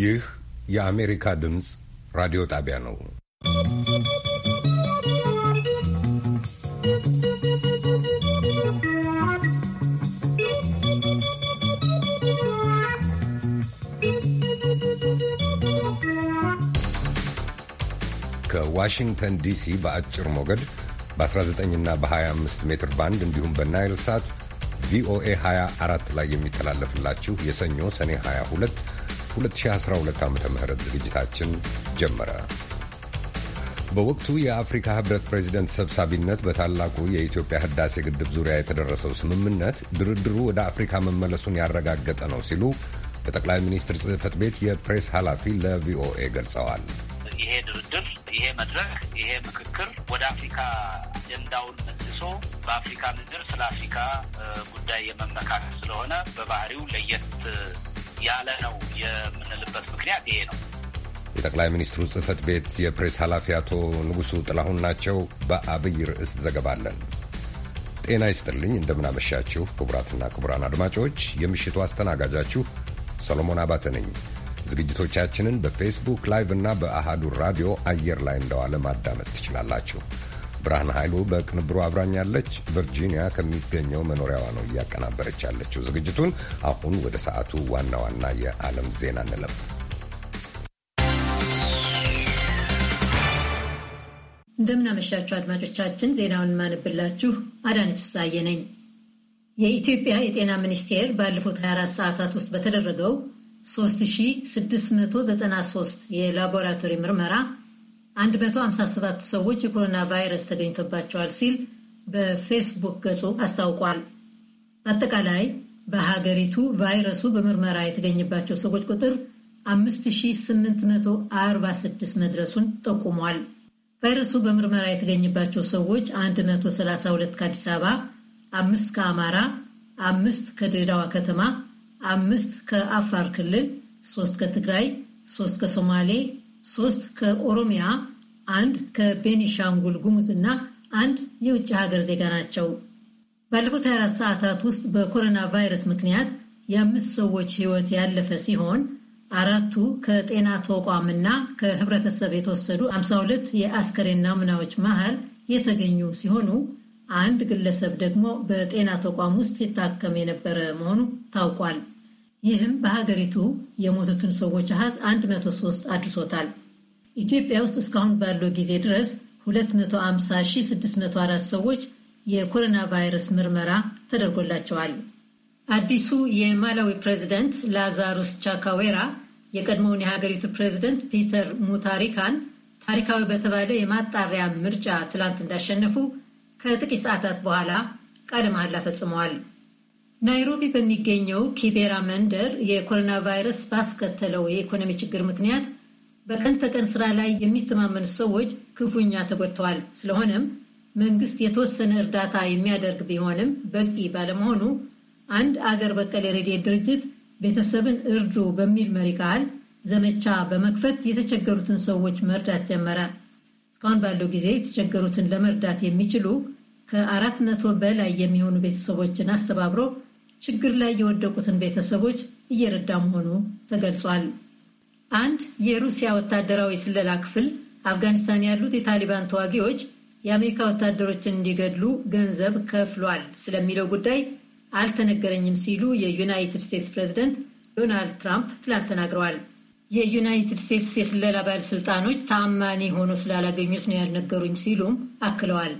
ይህ የአሜሪካ ድምፅ ራዲዮ ጣቢያ ነው። ከዋሽንግተን ዲሲ በአጭር ሞገድ በ19 እና በ25 ሜትር ባንድ እንዲሁም በናይል ሳት ቪኦኤ 24 ላይ የሚተላለፍላችሁ የሰኞ ሰኔ 22 2012 ዓ ም ዝግጅታችን ጀመረ። በወቅቱ የአፍሪካ ህብረት ፕሬዚደንት ሰብሳቢነት በታላቁ የኢትዮጵያ ህዳሴ ግድብ ዙሪያ የተደረሰው ስምምነት ድርድሩ ወደ አፍሪካ መመለሱን ያረጋገጠ ነው ሲሉ በጠቅላይ ሚኒስትር ጽህፈት ቤት የፕሬስ ኃላፊ ለቪኦኤ ገልጸዋል። ይሄ ድርድር፣ ይሄ መድረክ፣ ይሄ ምክክር ወደ አፍሪካ አጀንዳውን መልሶ በአፍሪካ ምድር ስለ አፍሪካ ጉዳይ የመመካከል ስለሆነ በባህሪው ለየት ያለ ነው የምንልበት ምክንያት ይሄ ነው። የጠቅላይ ሚኒስትሩ ጽህፈት ቤት የፕሬስ ኃላፊ አቶ ንጉሱ ጥላሁን ናቸው። በአብይ ርዕስ ዘገባለን። ጤና ይስጥልኝ። እንደምናመሻችሁ ክቡራትና ክቡራን አድማጮች የምሽቱ አስተናጋጃችሁ ሰሎሞን አባተ ነኝ። ዝግጅቶቻችንን በፌስቡክ ላይቭ እና በአሃዱ ራዲዮ አየር ላይ እንደዋለ ማዳመጥ ትችላላችሁ። ብርሃን ኃይሉ በቅንብሩ አብራኛለች። ቨርጂኒያ ከሚገኘው መኖሪያዋ ነው እያቀናበረች ያለችው ዝግጅቱን። አሁን ወደ ሰዓቱ ዋና ዋና የዓለም ዜና እንለፍ። እንደምናመሻችሁ አድማጮቻችን፣ ዜናውን ማንብላችሁ አዳነች ፍሳዬ ነኝ። የኢትዮጵያ የጤና ሚኒስቴር ባለፉት 24 ሰዓታት ውስጥ በተደረገው 3693 የላቦራቶሪ ምርመራ 157 ሰዎች የኮሮና ቫይረስ ተገኝቶባቸዋል ሲል በፌስቡክ ገጹ አስታውቋል። አጠቃላይ በሀገሪቱ ቫይረሱ በምርመራ የተገኘባቸው ሰዎች ቁጥር 5846 መድረሱን ጠቁሟል። ቫይረሱ በምርመራ የተገኘባቸው ሰዎች 132 ከአዲስ አበባ፣ አምስት ከአማራ፣ አምስት ከድሬዳዋ ከተማ፣ አምስት ከአፋር ክልል፣ ሶስት ከትግራይ፣ ሶስት ከሶማሌ፣ ሶስት ከኦሮሚያ አንድ ከቤኒሻንጉል ጉሙዝ እና አንድ የውጭ ሀገር ዜጋ ናቸው። ባለፉት 24 ሰዓታት ውስጥ በኮሮና ቫይረስ ምክንያት የአምስት ሰዎች ሕይወት ያለፈ ሲሆን አራቱ ከጤና ተቋምና ከህብረተሰብ የተወሰዱ 52 የአስከሬን ናሙናዎች መሃል የተገኙ ሲሆኑ አንድ ግለሰብ ደግሞ በጤና ተቋም ውስጥ ሲታከም የነበረ መሆኑ ታውቋል። ይህም በሀገሪቱ የሞቱትን ሰዎች አሃዝ 103 አድርሶታል። ኢትዮጵያ ውስጥ እስካሁን ባለው ጊዜ ድረስ 250604 ሰዎች የኮሮና ቫይረስ ምርመራ ተደርጎላቸዋል። አዲሱ የማላዊ ፕሬዚደንት ላዛሩስ ቻካዌራ የቀድሞውን የሀገሪቱ ፕሬዚደንት ፒተር ሙታሪካን ታሪካዊ በተባለ የማጣሪያ ምርጫ ትላንት እንዳሸነፉ ከጥቂት ሰዓታት በኋላ ቃለ መሐላ ፈጽመዋል። ናይሮቢ በሚገኘው ኪቤራ መንደር የኮሮና ቫይረስ ባስከተለው የኢኮኖሚ ችግር ምክንያት በቀን ተቀን ስራ ላይ የሚተማመኑ ሰዎች ክፉኛ ተጎድተዋል። ስለሆነም መንግስት የተወሰነ እርዳታ የሚያደርግ ቢሆንም በቂ ባለመሆኑ አንድ አገር በቀል የረድኤት ድርጅት ቤተሰብን እርዱ በሚል መሪ ቃል ዘመቻ በመክፈት የተቸገሩትን ሰዎች መርዳት ጀመረ። እስካሁን ባለው ጊዜ የተቸገሩትን ለመርዳት የሚችሉ ከአራት መቶ በላይ የሚሆኑ ቤተሰቦችን አስተባብሮ ችግር ላይ የወደቁትን ቤተሰቦች እየረዳ መሆኑ ተገልጿል። አንድ የሩሲያ ወታደራዊ ስለላ ክፍል አፍጋኒስታን ያሉት የታሊባን ተዋጊዎች የአሜሪካ ወታደሮችን እንዲገድሉ ገንዘብ ከፍሏል ስለሚለው ጉዳይ አልተነገረኝም ሲሉ የዩናይትድ ስቴትስ ፕሬዚደንት ዶናልድ ትራምፕ ትላንት ተናግረዋል። የዩናይትድ ስቴትስ የስለላ ባለሥልጣኖች ታማኒ ሆኖ ስላላገኙት ነው ያልነገሩኝ ሲሉም አክለዋል።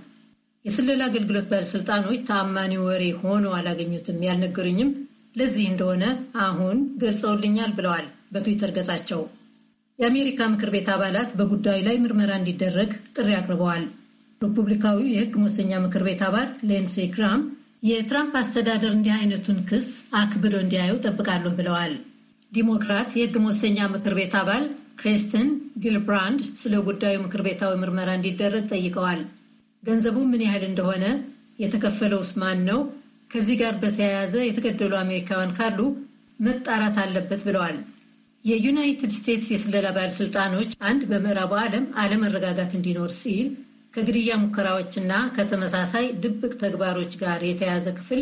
የስለላ አገልግሎት ባለሥልጣኖች ታማኒ ወሬ ሆኖ አላገኙትም፣ ያልነገሩኝም ለዚህ እንደሆነ አሁን ገልጸውልኛል ብለዋል። በትዊተር ገጻቸው የአሜሪካ ምክር ቤት አባላት በጉዳዩ ላይ ምርመራ እንዲደረግ ጥሪ አቅርበዋል። ሪፑብሊካዊው የሕግ መወሰኛ ምክር ቤት አባል ሌንሴ ግራም የትራምፕ አስተዳደር እንዲህ አይነቱን ክስ አክብዶ እንዲያዩ ጠብቃለሁ ብለዋል። ዲሞክራት የሕግ መወሰኛ ምክር ቤት አባል ክሪስትን ጊልብራንድ ስለ ጉዳዩ ምክር ቤታዊ ምርመራ እንዲደረግ ጠይቀዋል። ገንዘቡ ምን ያህል እንደሆነ፣ የተከፈለውስ ማን ነው፣ ከዚህ ጋር በተያያዘ የተገደሉ አሜሪካውያን ካሉ መጣራት አለበት ብለዋል። የዩናይትድ ስቴትስ የስለላ ባለሥልጣኖች አንድ በምዕራቡ ዓለም አለመረጋጋት እንዲኖር ሲል ከግድያ ሙከራዎችና ከተመሳሳይ ድብቅ ተግባሮች ጋር የተያዘ ክፍል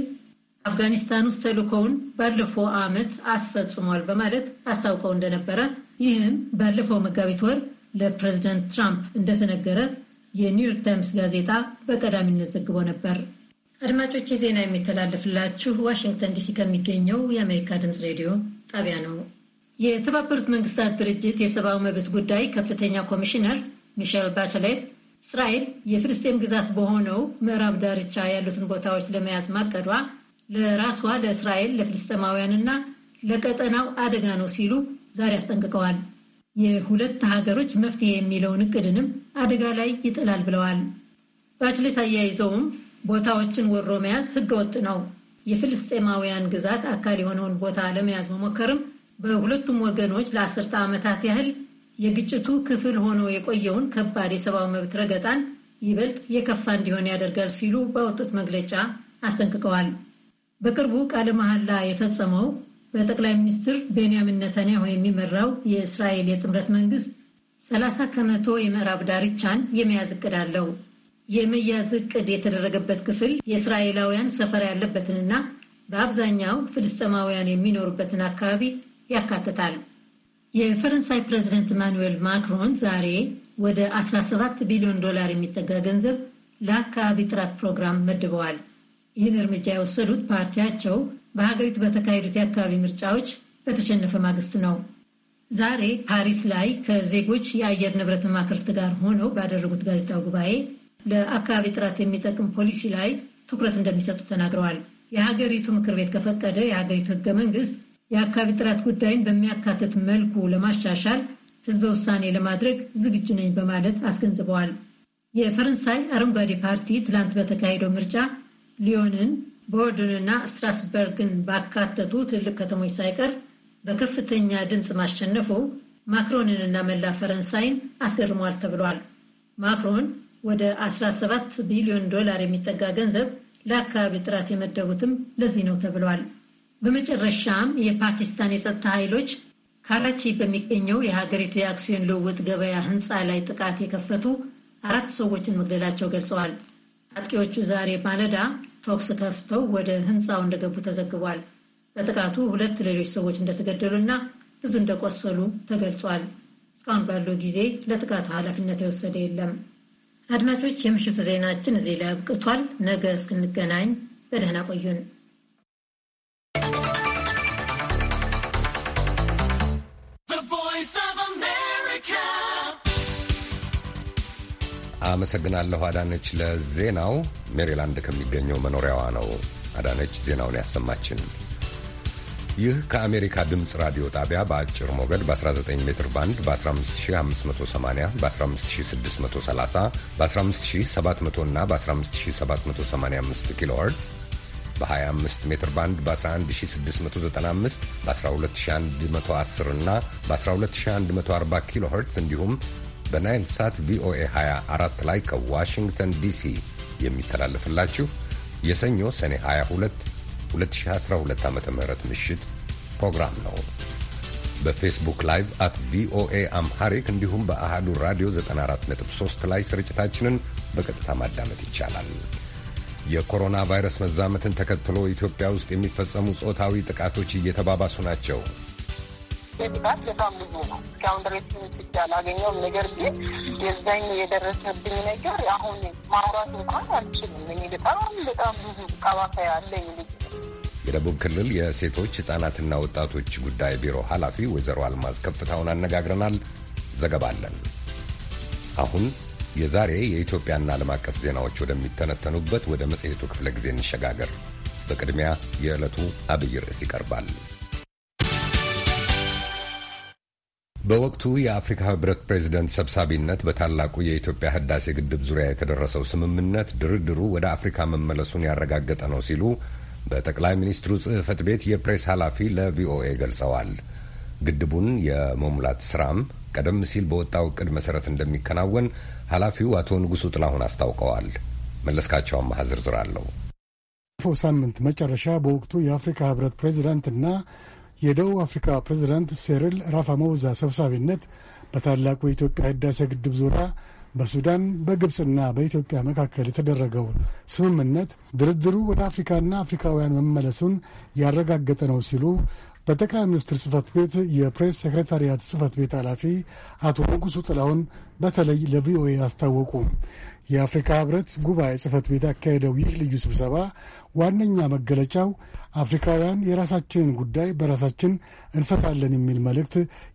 አፍጋኒስታን ውስጥ ተልእኮውን ባለፈው ዓመት አስፈጽሟል በማለት አስታውቀው እንደነበረ ይህም ባለፈው መጋቢት ወር ለፕሬዚደንት ትራምፕ እንደተነገረ የኒውዮርክ ታይምስ ጋዜጣ በቀዳሚነት ዘግቦ ነበር። አድማጮች፣ ዜና የሚተላለፍላችሁ ዋሽንግተን ዲሲ ከሚገኘው የአሜሪካ ድምፅ ሬዲዮ ጣቢያ ነው። የተባበሩት መንግስታት ድርጅት የሰብአዊ መብት ጉዳይ ከፍተኛ ኮሚሽነር ሚሸል ባችሌት እስራኤል የፍልስጤም ግዛት በሆነው ምዕራብ ዳርቻ ያሉትን ቦታዎች ለመያዝ ማቀዷ ለራሷ ለእስራኤል ለፍልስጤማውያንና ለቀጠናው አደጋ ነው ሲሉ ዛሬ አስጠንቅቀዋል። የሁለት ሀገሮች መፍትሄ የሚለውን እቅድንም አደጋ ላይ ይጥላል ብለዋል። ባችሌት አያይዘውም ቦታዎችን ወሮ መያዝ ህገወጥ ነው፣ የፍልስጤማውያን ግዛት አካል የሆነውን ቦታ ለመያዝ መሞከርም በሁለቱም ወገኖች ለአስርተ ዓመታት ያህል የግጭቱ ክፍል ሆኖ የቆየውን ከባድ የሰብአዊ መብት ረገጣን ይበልጥ የከፋ እንዲሆን ያደርጋል ሲሉ ባወጡት መግለጫ አስጠንቅቀዋል። በቅርቡ ቃለ መሐላ የፈጸመው በጠቅላይ ሚኒስትር ቤንያሚን ነታንያሁ የሚመራው የእስራኤል የጥምረት መንግስት 30 ከመቶ የምዕራብ ዳርቻን የመያዝ እቅድ አለው። የመያዝ እቅድ የተደረገበት ክፍል የእስራኤላውያን ሰፈራ ያለበትንና በአብዛኛው ፍልስጤማውያን የሚኖሩበትን አካባቢ ያካትታል። የፈረንሳይ ፕሬዚደንት ኢማኑዌል ማክሮን ዛሬ ወደ 17 ቢሊዮን ዶላር የሚጠጋ ገንዘብ ለአካባቢ ጥራት ፕሮግራም መድበዋል። ይህን እርምጃ የወሰዱት ፓርቲያቸው በሀገሪቱ በተካሄዱት የአካባቢ ምርጫዎች በተሸነፈ ማግስት ነው። ዛሬ ፓሪስ ላይ ከዜጎች የአየር ንብረት መማክርት ጋር ሆነው ባደረጉት ጋዜጣዊ ጉባኤ ለአካባቢ ጥራት የሚጠቅም ፖሊሲ ላይ ትኩረት እንደሚሰጡ ተናግረዋል። የሀገሪቱ ምክር ቤት ከፈቀደ የሀገሪቱ ህገ መንግስት የአካባቢ ጥራት ጉዳይን በሚያካትት መልኩ ለማሻሻል ህዝበ ውሳኔ ለማድረግ ዝግጁ ነኝ በማለት አስገንዝበዋል። የፈረንሳይ አረንጓዴ ፓርቲ ትላንት በተካሄደው ምርጫ ሊዮንን፣ ቦርድንና ስትራስበርግን ባካተቱ ትልቅ ከተሞች ሳይቀር በከፍተኛ ድምፅ ማሸነፉ ማክሮንንና መላ ፈረንሳይን አስገርሟል ተብሏል። ማክሮን ወደ 17 ቢሊዮን ዶላር የሚጠጋ ገንዘብ ለአካባቢ ጥራት የመደቡትም ለዚህ ነው ተብሏል። በመጨረሻም የፓኪስታን የጸጥታ ኃይሎች ካራቺ በሚገኘው የሀገሪቱ የአክሲዮን ልውውጥ ገበያ ህንፃ ላይ ጥቃት የከፈቱ አራት ሰዎችን መግደላቸው ገልጸዋል። አጥቂዎቹ ዛሬ ማለዳ ተኩስ ከፍተው ወደ ህንፃው እንደገቡ ተዘግቧል። በጥቃቱ ሁለት ሌሎች ሰዎች እንደተገደሉና ብዙ እንደቆሰሉ ተገልጿል። እስካሁን ባለው ጊዜ ለጥቃቱ ኃላፊነት የወሰደ የለም። አድማጮች፣ የምሽቱ ዜናችን እዚህ ላይ አብቅቷል። ነገ እስክንገናኝ በደህና ቆዩን። አመሰግናለሁ አዳነች ለዜናው። ሜሪላንድ ከሚገኘው መኖሪያዋ ነው አዳነች ዜናውን ያሰማችን። ይህ ከአሜሪካ ድምፅ ራዲዮ ጣቢያ በአጭር ሞገድ በ19 ሜትር ባንድ በ15580 በ15630 በ15700 እና በ15785 ኪሎ ሄርዝ በ25 ሜትር ባንድ በ11695 በ12110 እና በ12140 ኪሎ ሄርዝ እንዲሁም በናይል ሳት ቪኦኤ 24 ላይ ከዋሽንግተን ዲሲ የሚተላለፍላችሁ የሰኞ ሰኔ 22 2012 ዓ ም ምሽት ፕሮግራም ነው። በፌስቡክ ላይቭ አት ቪኦኤ አምሃሪክ እንዲሁም በአህዱ ራዲዮ 94.3 ላይ ስርጭታችንን በቀጥታ ማዳመጥ ይቻላል። የኮሮና ቫይረስ መዛመትን ተከትሎ ኢትዮጵያ ውስጥ የሚፈጸሙ ጾታዊ ጥቃቶች እየተባባሱ ናቸው። የጥቃት በጣም ብዙ ነው። እስካሁን ድረስ ምስጃ አላገኘውም። ነገር ግን የዛኝ የደረሰብኝ ነገር አሁን ማውራት እንኳን አልችልም። እኔ በጣም በጣም ብዙ ቀባታ ያለኝ ልጅ የደቡብ ክልል የሴቶች ሕፃናትና ወጣቶች ጉዳይ ቢሮ ኃላፊ ወይዘሮ አልማዝ ከፍታውን አነጋግረናል። ዘገባለን። አሁን የዛሬ የኢትዮጵያና ዓለም አቀፍ ዜናዎች ወደሚተነተኑበት ወደ መጽሔቱ ክፍለ ጊዜ እንሸጋገር። በቅድሚያ የዕለቱ አብይ ርዕስ ይቀርባል። በወቅቱ የአፍሪካ ህብረት ፕሬዚደንት ሰብሳቢነት በታላቁ የኢትዮጵያ ህዳሴ ግድብ ዙሪያ የተደረሰው ስምምነት ድርድሩ ወደ አፍሪካ መመለሱን ያረጋገጠ ነው ሲሉ በጠቅላይ ሚኒስትሩ ጽህፈት ቤት የፕሬስ ኃላፊ ለቪኦኤ ገልጸዋል። ግድቡን የመሙላት ስራም ቀደም ሲል በወጣው እቅድ መሰረት እንደሚከናወን ኃላፊው አቶ ንጉሱ ጥላሁን አስታውቀዋል። መለስካቸው አማሃ ዝርዝር አለው። ባለፈው ሳምንት መጨረሻ በወቅቱ የአፍሪካ ህብረት ፕሬዚዳንትና የደቡብ አፍሪካ ፕሬዝዳንት ሴሪል ራፋሞዛ ሰብሳቢነት በታላቁ የኢትዮጵያ ህዳሴ ግድብ ዙሪያ በሱዳን በግብፅና በኢትዮጵያ መካከል የተደረገው ስምምነት ድርድሩ ወደ አፍሪካና አፍሪካውያን መመለሱን ያረጋገጠ ነው ሲሉ በጠቅላይ ሚኒስትር ጽህፈት ቤት የፕሬስ ሴክሬታሪያት ጽህፈት ቤት ኃላፊ አቶ ንጉሱ ጥላውን በተለይ ለቪኦኤ አስታወቁ። የአፍሪካ ህብረት ጉባኤ ጽህፈት ቤት ያካሄደው ይህ ልዩ ስብሰባ ዋነኛ መገለጫው አፍሪካውያን የራሳችንን ጉዳይ በራሳችን እንፈታለን የሚል መልእክት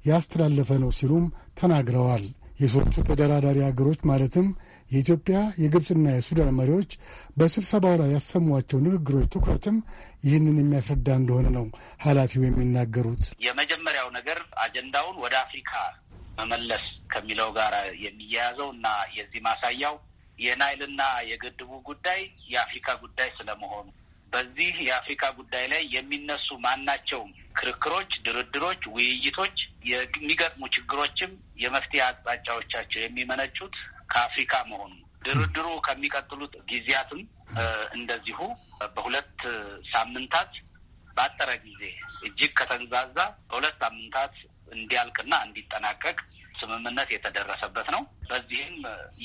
ያስተላለፈ ነው ሲሉም ተናግረዋል። የሶስቱ ተደራዳሪ አገሮች ማለትም የኢትዮጵያ የግብፅና የሱዳን መሪዎች በስብሰባው ላይ ያሰሟቸው ንግግሮች ትኩረትም ይህንን የሚያስረዳ እንደሆነ ነው ኃላፊው የሚናገሩት። የመጀመሪያው ነገር አጀንዳውን ወደ አፍሪካ መመለስ ከሚለው ጋር የሚያያዘው እና የዚህ ማሳያው የናይልና የግድቡ ጉዳይ የአፍሪካ ጉዳይ ስለመሆኑ በዚህ የአፍሪካ ጉዳይ ላይ የሚነሱ ማናቸውም ክርክሮች፣ ድርድሮች፣ ውይይቶች፣ የሚገጥሙ ችግሮችም የመፍትሄ አቅጣጫዎቻቸው የሚመነጩት ከአፍሪካ መሆኑ ድርድሩ ከሚቀጥሉት ጊዜያትም እንደዚሁ በሁለት ሳምንታት ባጠረ ጊዜ እጅግ ከተንዛዛ በሁለት ሳምንታት እንዲያልቅና እንዲጠናቀቅ ስምምነት የተደረሰበት ነው። በዚህም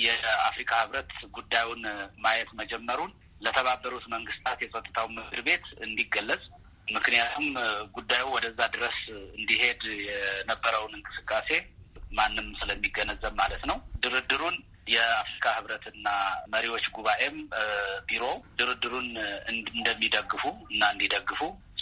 የአፍሪካ ሕብረት ጉዳዩን ማየት መጀመሩን ለተባበሩት መንግስታት የጸጥታው ምክር ቤት እንዲገለጽ ምክንያቱም ጉዳዩ ወደዛ ድረስ እንዲሄድ የነበረውን እንቅስቃሴ ማንም ስለሚገነዘብ ማለት ነው። ድርድሩን የአፍሪካ ህብረትና መሪዎች ጉባኤም ቢሮ ድርድሩን እንደሚደግፉ እና እንዲደግፉ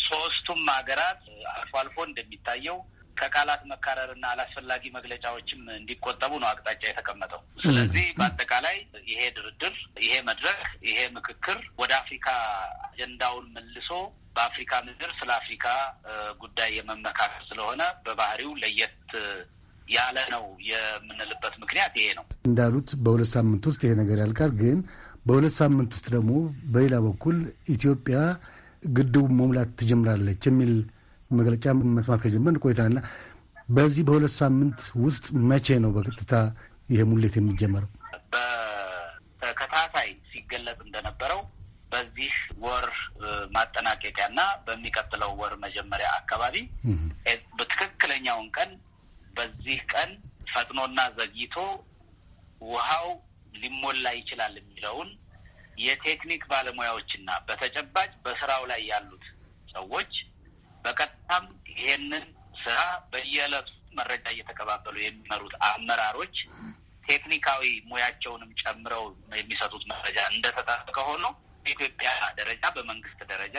ሶስቱም ሀገራት አልፎ አልፎ እንደሚታየው ከቃላት መካረርና አላስፈላጊ መግለጫዎችም እንዲቆጠቡ ነው አቅጣጫ የተቀመጠው። ስለዚህ በአጠቃላይ ይሄ ድርድር፣ ይሄ መድረክ፣ ይሄ ምክክር ወደ አፍሪካ አጀንዳውን መልሶ በአፍሪካ ምድር ስለ አፍሪካ ጉዳይ የመመካከር ስለሆነ በባህሪው ለየት ያለ ነው የምንልበት ምክንያት ይሄ ነው። እንዳሉት በሁለት ሳምንት ውስጥ ይሄ ነገር ያልቃል። ግን በሁለት ሳምንት ውስጥ ደግሞ በሌላ በኩል ኢትዮጵያ ግድቡ መሙላት ትጀምራለች የሚል መግለጫ መስማት ከጀመርን ቆይተናልና በዚህ በሁለት ሳምንት ውስጥ መቼ ነው በቀጥታ ይሄ ሙሌት የሚጀመረው? በተከታታይ ሲገለጽ እንደነበረው በዚህ ወር ማጠናቀቂያና በሚቀጥለው ወር መጀመሪያ አካባቢ ትክክለኛውን ቀን በዚህ ቀን ፈጥኖና ዘግይቶ ውሃው ሊሞላ ይችላል የሚለውን የቴክኒክ ባለሙያዎችና በተጨባጭ በስራው ላይ ያሉት ሰዎች በቀጥታም ይሄንን ስራ በየዕለቱ መረጃ እየተቀባበሉ የሚመሩት አመራሮች ቴክኒካዊ ሙያቸውንም ጨምረው የሚሰጡት መረጃ እንደተጠበቀ ሆኖ በኢትዮጵያ ደረጃ በመንግስት ደረጃ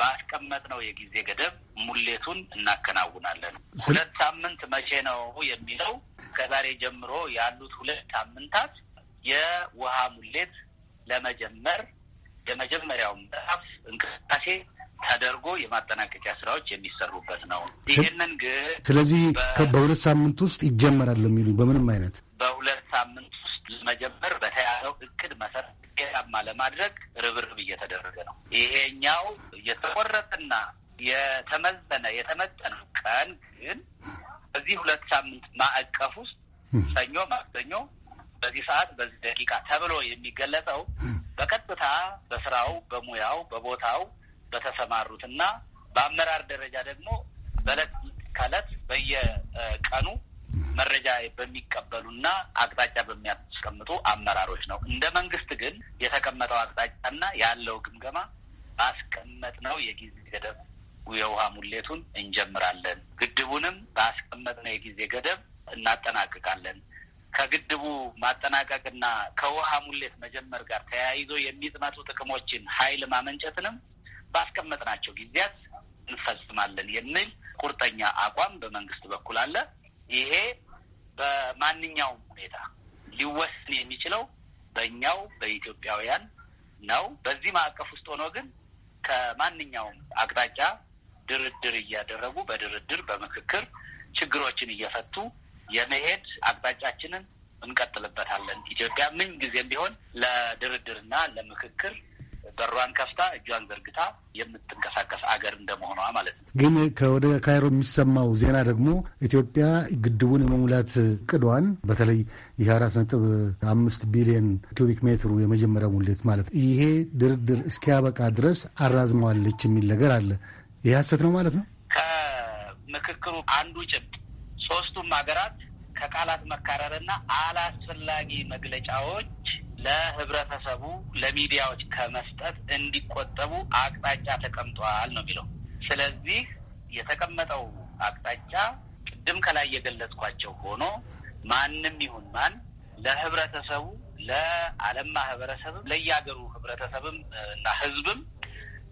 ባስቀመጥነው የጊዜ ገደብ ሙሌቱን እናከናውናለን። ሁለት ሳምንት መቼ ነው የሚለው ከዛሬ ጀምሮ ያሉት ሁለት ሳምንታት የውሃ ሙሌት ለመጀመር የመጀመሪያው ምዕራፍ እንቅስቃሴ ተደርጎ የማጠናቀቂያ ስራዎች የሚሰሩበት ነው። ይህንን ግን ስለዚህ በሁለት ሳምንት ውስጥ ይጀመራል የሚሉ በምንም አይነት በሁለት ሳምንት ውስጥ ለመጀመር በተያዘው እቅድ መሰረት ውጤታማ ለማድረግ ርብርብ እየተደረገ ነው። ይሄኛው የተቆረጠና የተመዘነ የተመጠነው ቀን ግን በዚህ ሁለት ሳምንት ማዕቀፍ ውስጥ ሰኞ፣ ማክሰኞ በዚህ ሰዓት በዚህ ደቂቃ ተብሎ የሚገለጸው በቀጥታ በስራው በሙያው በቦታው በተሰማሩትና በአመራር ደረጃ ደግሞ በዕለት ከዕለት በየቀኑ መረጃ በሚቀበሉና አቅጣጫ በሚያስቀምጡ አመራሮች ነው። እንደ መንግስት ግን የተቀመጠው አቅጣጫና ያለው ግምገማ ባስቀመጥነው የጊዜ ገደብ የውሃ ሙሌቱን እንጀምራለን፣ ግድቡንም ባስቀመጥነው የጊዜ ገደብ እናጠናቅቃለን። ከግድቡ ማጠናቀቅና ከውሃ ሙሌት መጀመር ጋር ተያይዞ የሚጥመጡ ጥቅሞችን ኃይል ማመንጨትንም ባስቀመጥናቸው ጊዜያት እንፈጽማለን የሚል ቁርጠኛ አቋም በመንግስት በኩል አለ። ይሄ በማንኛውም ሁኔታ ሊወሰን የሚችለው በእኛው በኢትዮጵያውያን ነው። በዚህ ማዕቀፍ ውስጥ ሆኖ ግን ከማንኛውም አቅጣጫ ድርድር እያደረጉ በድርድር በምክክር ችግሮችን እየፈቱ የመሄድ አቅጣጫችንን እንቀጥልበታለን። ኢትዮጵያ ምን ጊዜም ቢሆን ለድርድርና ለምክክር በሯን ከፍታ እጇን ዘርግታ የምትንቀሳቀስ አገር እንደመሆኗ ማለት ነው። ግን ከወደ ካይሮ የሚሰማው ዜና ደግሞ ኢትዮጵያ ግድቡን የመሙላት ቅዷን በተለይ ይህ አራት ነጥብ አምስት ቢሊዮን ኪዩቢክ ሜትሩ የመጀመሪያ ሙሌት ማለት ይሄ ድርድር እስኪያበቃ ድረስ አራዝመዋለች የሚል ነገር አለ። ይህ ሐሰት ነው ማለት ነው። ከምክክሩ አንዱ ጭብጥ ሶስቱም ሀገራት ከቃላት መካረርና አላስፈላጊ መግለጫዎች ለህብረተሰቡ ለሚዲያዎች ከመስጠት እንዲቆጠቡ አቅጣጫ ተቀምጧል ነው የሚለው። ስለዚህ የተቀመጠው አቅጣጫ ቅድም ከላይ የገለጽኳቸው ሆኖ ማንም ይሁን ማን ለህብረተሰቡ ለዓለም ማህበረሰብም ለየሀገሩ ህብረተሰብም እና ህዝብም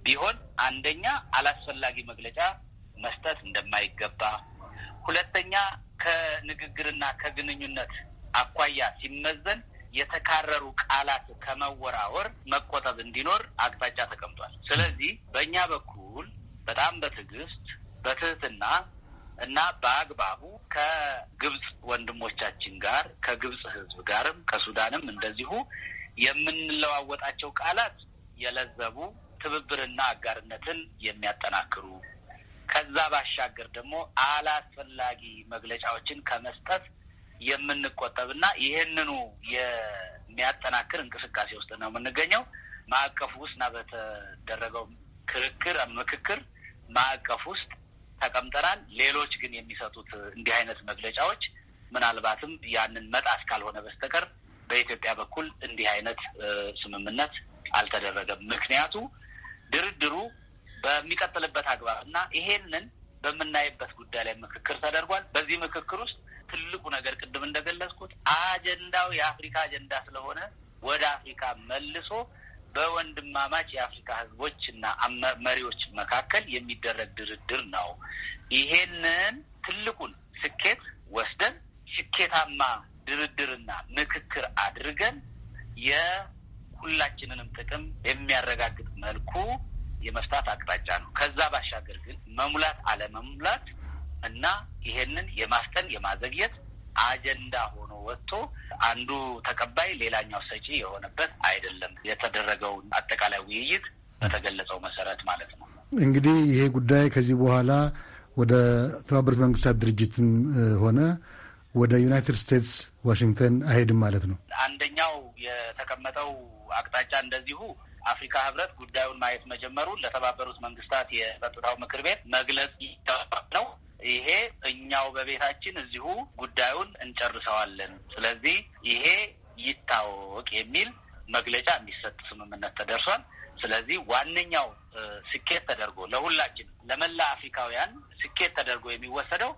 ቢሆን አንደኛ አላስፈላጊ መግለጫ መስጠት እንደማይገባ፣ ሁለተኛ ከንግግርና ከግንኙነት አኳያ ሲመዘን የተካረሩ ቃላት ከመወራወር መቆጠብ እንዲኖር አቅጣጫ ተቀምጧል። ስለዚህ በእኛ በኩል በጣም በትዕግስት በትህትና እና በአግባቡ ከግብፅ ወንድሞቻችን ጋር ከግብፅ ሕዝብ ጋርም ከሱዳንም እንደዚሁ የምንለዋወጣቸው ቃላት የለዘቡ ትብብርና አጋርነትን የሚያጠናክሩ ከዛ ባሻገር ደግሞ አላስፈላጊ መግለጫዎችን ከመስጠት የምንቆጠብና ይህንኑ የሚያጠናክር እንቅስቃሴ ውስጥ ነው የምንገኘው። ማዕቀፍ ውስጥ በተደረገው ክርክር ምክክር ማዕቀፍ ውስጥ ተቀምጠናል። ሌሎች ግን የሚሰጡት እንዲህ አይነት መግለጫዎች ምናልባትም ያንን መጣስ ካልሆነ በስተቀር በኢትዮጵያ በኩል እንዲህ አይነት ስምምነት አልተደረገም። ምክንያቱ ድርድሩ በሚቀጥልበት አግባብ እና ይሄንን በምናይበት ጉዳይ ላይ ምክክር ተደርጓል። በዚህ ምክክር ውስጥ ትልቁ ነገር ቅድም እንደገለጽኩት አጀንዳው የአፍሪካ አጀንዳ ስለሆነ ወደ አፍሪካ መልሶ በወንድማማች የአፍሪካ ህዝቦችና መሪዎች መካከል የሚደረግ ድርድር ነው። ይሄንን ትልቁን ስኬት ወስደን ስኬታማ ድርድርና ምክክር አድርገን የሁላችንንም ጥቅም የሚያረጋግጥ መልኩ የመፍታት አቅጣጫ ነው። ከዛ ባሻገር ግን መሙላት አለመሙላት እና ይሄንን የማስጠን የማዘግየት አጀንዳ ሆኖ ወጥቶ አንዱ ተቀባይ ሌላኛው ሰጪ የሆነበት አይደለም። የተደረገውን አጠቃላይ ውይይት በተገለጸው መሰረት ማለት ነው። እንግዲህ ይሄ ጉዳይ ከዚህ በኋላ ወደ ተባበሩት መንግስታት ድርጅትም ሆነ ወደ ዩናይትድ ስቴትስ ዋሽንግተን አይሄድም ማለት ነው። አንደኛው የተቀመጠው አቅጣጫ እንደዚሁ አፍሪካ ህብረት ጉዳዩን ማየት መጀመሩን ለተባበሩት መንግስታት የጸጥታው ምክር ቤት መግለጽ ነው። ይሄ እኛው በቤታችን እዚሁ ጉዳዩን እንጨርሰዋለን፣ ስለዚህ ይሄ ይታወቅ የሚል መግለጫ እንዲሰጥ ስምምነት ተደርሷል። ስለዚህ ዋነኛው ስኬት ተደርጎ ለሁላችን ለመላ አፍሪካውያን ስኬት ተደርጎ የሚወሰደው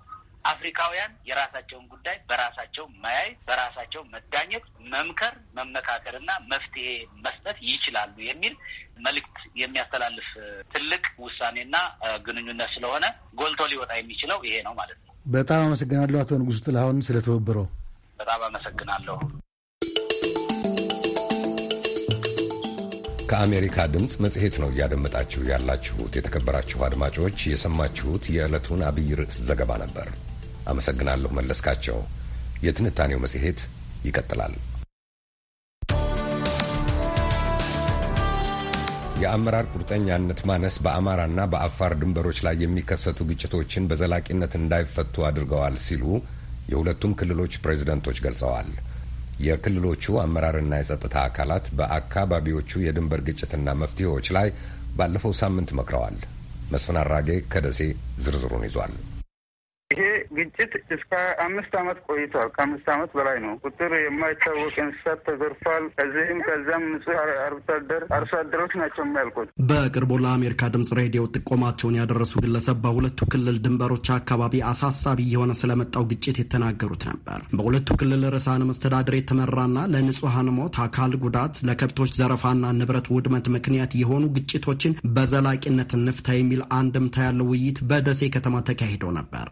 አፍሪካውያን የራሳቸውን ጉዳይ በራሳቸው መያይ፣ በራሳቸው መዳኘት፣ መምከር፣ መመካከር እና መፍትሄ መስጠት ይችላሉ የሚል መልእክት የሚያስተላልፍ ትልቅ ውሳኔና ግንኙነት ስለሆነ ጎልቶ ሊወጣ የሚችለው ይሄ ነው ማለት ነው። በጣም አመሰግናለሁ አቶ ንጉሱ ጥላሁን ስለተወበረው። በጣም አመሰግናለሁ። ከአሜሪካ ድምፅ መጽሔት ነው እያደመጣችሁ ያላችሁት። የተከበራችሁ አድማጮች የሰማችሁት የዕለቱን አብይ ርዕስ ዘገባ ነበር። አመሰግናለሁ መለስካቸው። የትንታኔው መጽሔት ይቀጥላል። የአመራር ቁርጠኛነት ማነስ በአማራና በአፋር ድንበሮች ላይ የሚከሰቱ ግጭቶችን በዘላቂነት እንዳይፈቱ አድርገዋል ሲሉ የሁለቱም ክልሎች ፕሬዝደንቶች ገልጸዋል። የክልሎቹ አመራርና የጸጥታ አካላት በአካባቢዎቹ የድንበር ግጭትና መፍትሄዎች ላይ ባለፈው ሳምንት መክረዋል። መስፍን አራጌ ከደሴ ዝርዝሩን ይዟል። ይሄ ግጭት እስከ አምስት አመት ቆይቷል። ከአምስት አመት በላይ ነው። ቁጥር የማይታወቅ እንስሳት ተዘርፏል። ከዚህም ከዚያም ንጹህ አርብቶ አደር አርሶ አደሮች ናቸው የሚያልቁት። በቅርቡ ለአሜሪካ ድምጽ ሬዲዮ ጥቆማቸውን ያደረሱ ግለሰብ በሁለቱ ክልል ድንበሮች አካባቢ አሳሳቢ የሆነ ስለመጣው ግጭት የተናገሩት ነበር። በሁለቱ ክልል ርዕሳነ መስተዳድር የተመራና ለንጹሐን ሞት፣ አካል ጉዳት፣ ለከብቶች ዘረፋና ንብረት ውድመት ምክንያት የሆኑ ግጭቶችን በዘላቂነት እንፍታ የሚል አንድምታ ያለው ውይይት በደሴ ከተማ ተካሂዶ ነበር።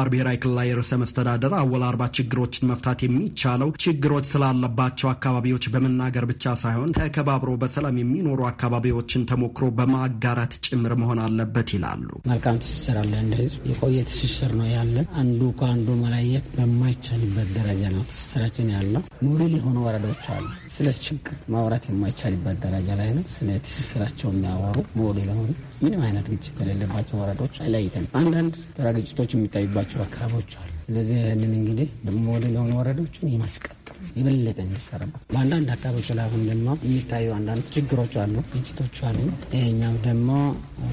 የአፋር ብሔራዊ ክልላዊ ርዕሰ መስተዳደር አወል አርባ ችግሮችን መፍታት የሚቻለው ችግሮች ስላለባቸው አካባቢዎች በመናገር ብቻ ሳይሆን ተከባብሮ በሰላም የሚኖሩ አካባቢዎችን ተሞክሮ በማጋራት ጭምር መሆን አለበት ይላሉ። መልካም ትስስር አለ። እንደ ህዝብ የቆየ ትስስር ነው ያለን። አንዱ ከአንዱ መለየት በማይቻልበት ደረጃ ነው ትስስራችን ያለው። ሙሉ ሊሆኑ ወረዳዎች አሉ። ስለ ችግር ማውራት የማይቻልበት ደረጃ ላይ ነው። ስለ ትስስራቸው የሚያወሩ ሞዴ ለሆኑ ምንም አይነት ግጭት የሌለባቸው ወረዳዎች አይለይተን። አንዳንድ ተራ ግጭቶች የሚታዩባቸው አካባቢዎች አሉ። ስለዚህ ይህንን እንግዲህ ሞዴ ለሆኑ ወረዳዎችን የማስቀጠል የበለጠ የሚሰራበት በአንዳንድ አካባቢዎች ላይ አሁን ደግሞ የሚታዩ አንዳንድ ችግሮች አሉ፣ ግጭቶች አሉ። ይህኛም ደግሞ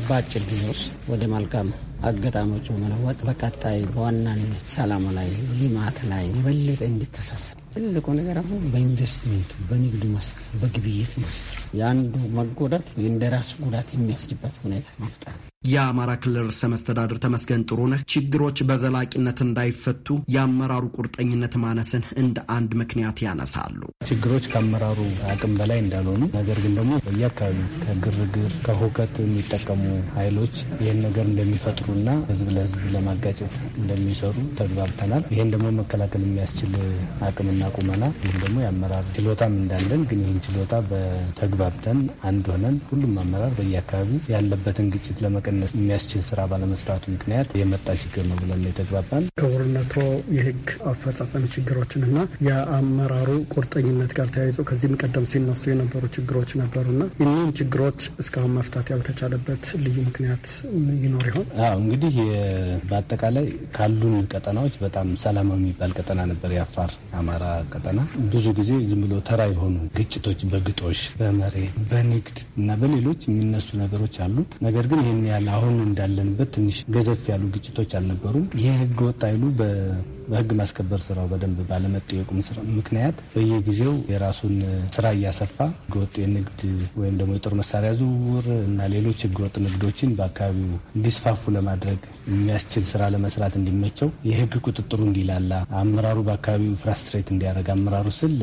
በአጭር ጊዜ ውስጥ ወደ መልካም አጋጣሚዎች መለወጥ በቀጣይ በዋናነት ሰላም ላይ፣ ልማት ላይ የበለጠ እንዲተሳሰብ ትልቁ ነገር አሁን በኢንቨስትመንቱ በንግዱ ማስት፣ በግብይት ማስት የአንዱ መጎዳት እንደራሱ ጉዳት የሚያስድበት ሁኔታ መፍጠር የአማራ ክልል ርዕሰ መስተዳድር ተመስገን ጥሩነህ ችግሮች በዘላቂነት እንዳይፈቱ የአመራሩ ቁርጠኝነት ማነስን እንደ አንድ ምክንያት ያነሳሉ። ችግሮች ከአመራሩ አቅም በላይ እንዳልሆኑ፣ ነገር ግን ደግሞ በየአካባቢ ከግርግር ከሁከት የሚጠቀሙ ኃይሎች ይህን ነገር እንደሚፈጥሩና ህዝብ ለህዝብ ለማጋጨት እንደሚሰሩ ተግባብተናል። ይህን ደግሞ መከላከል የሚያስችል አቅምና ቁመና ይህም ደግሞ የአመራር ችሎታም እንዳለን ግን ይህን ችሎታ በተግባብተን አንድ ሆነን ሁሉም አመራር በየአካባቢ ያለበትን ግጭት ለመ መቀነስ የሚያስችል ስራ ባለመስራቱ ምክንያት የመጣ ችግር ነው ብለን የተግባባን። ክቡርነቶ የህግ አፈጻጸም ችግሮችንና የአመራሩ ቁርጠኝነት ጋር ተያይዞ ከዚህም ቀደም ሲነሱ የነበሩ ችግሮች ነበሩና እኒህን ችግሮች እስካሁን መፍታት ያልተቻለበት ልዩ ምክንያት ይኖር ይሆን? አዎ እንግዲህ በአጠቃላይ ካሉን ቀጠናዎች በጣም ሰላማዊ የሚባል ቀጠና ነበር የአፋር አማራ ቀጠና። ብዙ ጊዜ ዝም ብሎ ተራ የሆኑ ግጭቶች በግጦሽ በመሬት በንግድ እና በሌሎች የሚነሱ ነገሮች አሉ። ነገር ግን ይህን ያለ አሁን እንዳለንበት ትንሽ ገዘፍ ያሉ ግጭቶች አልነበሩም። ይህ ህገ ወጥ ኃይሉ በህግ ማስከበር ስራው በደንብ ባለመጠየቁ ምክንያት በየጊዜው የራሱን ስራ እያሰፋ ህገወጥ የንግድ ወይም ደግሞ የጦር መሳሪያ ዝውውር እና ሌሎች ህገወጥ ንግዶችን በአካባቢው እንዲስፋፉ ለማድረግ የሚያስችል ስራ ለመስራት እንዲመቸው የህግ ቁጥጥሩ እንዲላላ አመራሩ በአካባቢው ፍራስትሬት እንዲያደርግ አመራሩ ስል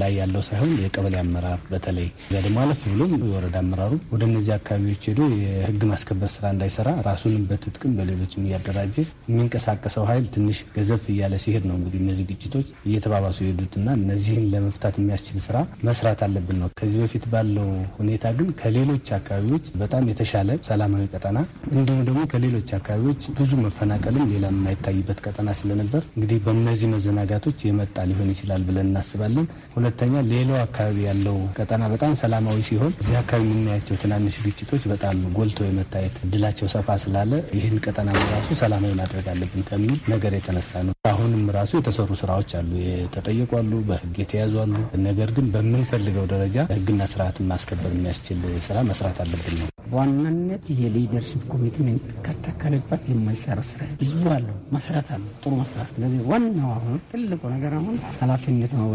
ላይ ያለው ሳይሆን የቀበሌ አመራር በተለይ ደግሞ አለፍ ብሎም የወረዳ አመራሩ ወደ እነዚህ አካባቢዎች ሄዶ የህግ ማስከበር ስራ እንዳይሰራ ራሱንም በትጥቅም በሌሎችም እያደራጀ የሚንቀሳቀሰው ኃይል ትንሽ ገዘፍ እያለ ሲሄድ ነው እንግዲህ እነዚህ ግጭቶች እየተባባሱ የሄዱትና እነዚህን ለመፍታት የሚያስችል ስራ መስራት አለብን ነው። ከዚህ በፊት ባለው ሁኔታ ግን ከሌሎች አካባቢዎች በጣም የተሻለ ሰላማዊ ቀጠና እንዲሁም ደግሞ ከሌሎች አካባቢዎች ብዙ መፈናቀልም ሌላ የማይታይበት ቀጠና ስለነበር እንግዲህ በእነዚህ መዘናጋቶች የመጣ ሊሆን ይችላል ብለን እናስባለን። ሁለተኛ ሌላው አካባቢ ያለው ቀጠና በጣም ሰላማዊ ሲሆን እዚህ አካባቢ የምናያቸው ትናንሽ ግጭቶች በጣም ጎልተው የመታየት እድላቸው ሰፋ ስላለ ይህን ቀጠና ራሱ ሰላማዊ ማድረግ አለብን ከሚል ነገር የተነሳ ነው። አሁንም ራሱ የተሰሩ ስራዎች አሉ። የተጠየቁ አሉ፣ በህግ የተያዙ አሉ። ነገር ግን በምንፈልገው ደረጃ ህግና ስርዓትን ማስከበር የሚያስችል ስራ መስራት አለብን ነው። በዋናነት ይሄ ሊደርሽፕ ኮሚትመንት ከተከለበት የማይሰራ ስራ ህዝቡ አለው መሰረት አለ ጥሩ መስራት። ስለዚህ ዋናው አሁን ትልቁ ነገር አሁን ኃላፊነት ነው።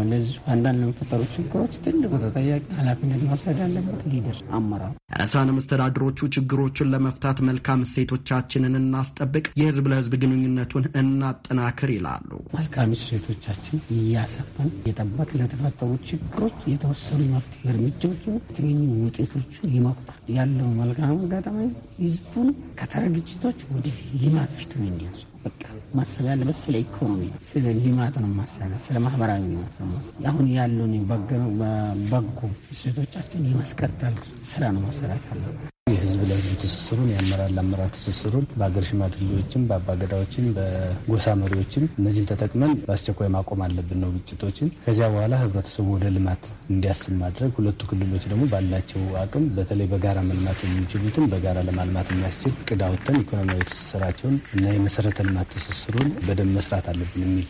አንዳንድ ለሚፈጠሩ ችግሮች ትልቁ ተጠያቂ ኃላፊነት መውሰድ አለበት ሊደር አመራር ርዕሳነ መስተዳድሮቹ ችግሮቹን ለመፍታት መልካም እሴቶቻችንን እናስጠብቅ፣ የህዝብ ለህዝብ ግንኙነቱን እናጠናክር ይላሉ። መልካም እሴቶቻችን እያሰፋን እየጠበቅ ለተፈጠሩ ችግሮች የተወሰኑ መፍትሄ እርምጃዎችን የተገኙ ውጤቶችን ይመቁታል ያለው መልካም አጋጣሚ ህዝቡን ከተረግጭቶች ወደፊት ልማት ፊት ነው በቃ ማሰብ ያለበት ስለ ኢኮኖሚ፣ ስለ ልማት ነው ማሰብ፣ ስለ ማህበራዊ ልማት ነው ማሰብ። አሁን ያሉን በጎ እሴቶቻችን የማስቀጠል ስራ ነው መሰራት አለበት። የህዝብ ለህዝብ ትስስሩን የአመራር ለአመራር ትስስሩን በአገር ሽማግሌዎችም በአባገዳዎችም በጎሳ መሪዎችም እነዚህን ተጠቅመን በአስቸኳይ ማቆም አለብን ነው ግጭቶችን። ከዚያ በኋላ ህብረተሰቡ ወደ ልማት እንዲያስብ ማድረግ፣ ሁለቱ ክልሎች ደግሞ ባላቸው አቅም በተለይ በጋራ መልማት የሚችሉትን በጋራ ለማልማት የሚያስችል ቅዳውተን ኢኮኖሚያዊ ትስስራቸውን እና የመሰረተ ልማት ትስስሩን በደንብ መስራት አለብን የሚል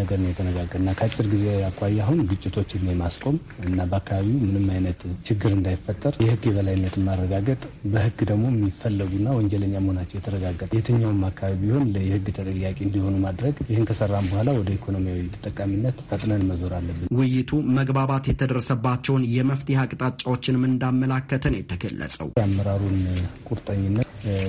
ነገር ነው የተነጋገር እና ከአጭር ጊዜ አኳያ አሁን ግጭቶችን የማስቆም እና በአካባቢው ምንም አይነት ችግር እንዳይፈጠር የህግ የበላይነት ማረጋገጥ በህግ ደግሞ የሚፈለጉና ወንጀለኛ መሆናቸው የተረጋገጠ የትኛውም አካባቢ ቢሆን የህግ ተጠያቂ እንዲሆኑ ማድረግ ይህን ከሰራም በኋላ ወደ ኢኮኖሚያዊ ተጠቃሚነት ፈጥነን መዞር አለብን። ውይይቱ መግባባት የተደረሰባቸውን የመፍትሄ አቅጣጫዎችንም እንዳመላከተ ነው የተገለጸው። የአመራሩን ቁርጠኝነት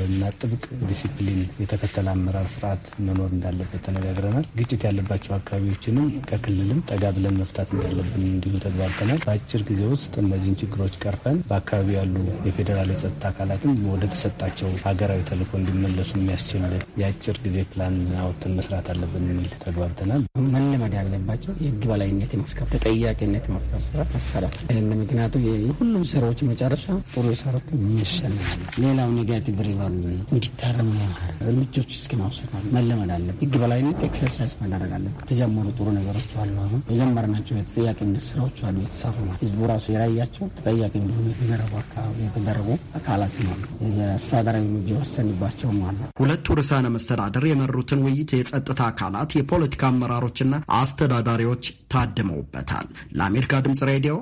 እና ጥብቅ ዲሲፕሊን የተከተለ አመራር ስርዓት መኖር እንዳለበት ተነጋግረናል። ግጭት ያለባቸው አካባቢዎችንም ከክልልም ጠጋ ብለን መፍታት እንዳለብን እንዲሁ ተግባብተናል። በአጭር ጊዜ ውስጥ እነዚህን ችግሮች ቀርፈን በአካባቢ ያሉ የፌዴራል የጸጥታ አካላትም ወደ ተሰጣቸው ሀገራዊ ተልዕኮ እንዲመለሱ የሚያስችል የአጭር ጊዜ ፕላን አውጥተን መስራት አለብን የሚል ተግባብተናል። መለመድ ያለባቸው የህግ በላይነት የማስከበር ተጠያቂነት መፍጠር ስራ መሰራት ምክንያቱ የሁሉም ስራዎች መጨረሻ ጥሩ የሰሩት የሚሸናል። ሌላው ኔጋቲቭ ሪቫሉ እንዲታረሙ ለማድረግ እርምጃዎች እስከ ማውሰድ መለመድ አለብን። ህግ በላይነት ኤክሰርሳይዝ መደረግ አለብን። የተጀመሩ ጥሩ ነገሮች አሉ። አሁን የጀመርናቸው የተጠያቂነት ስራዎች አሉ የተሰሩ ነው። ህዝቡ ራሱ የራያቸው ተጠያቂ እንዲሆኑ የተደረጉ አካባቢ የተደረጉ አካላት ነው። የአስተዳደራዊ እርምጃ የወሰንባቸውም አሉ። ሁለቱ ርዕሳነ መስተዳደር የመሩትን ውይይት የጸጥታ አካላት፣ የፖለቲካ አመራሮችና አስተዳዳሪዎች ታድመውበታል። ለአሜሪካ ድምጽ ሬዲዮ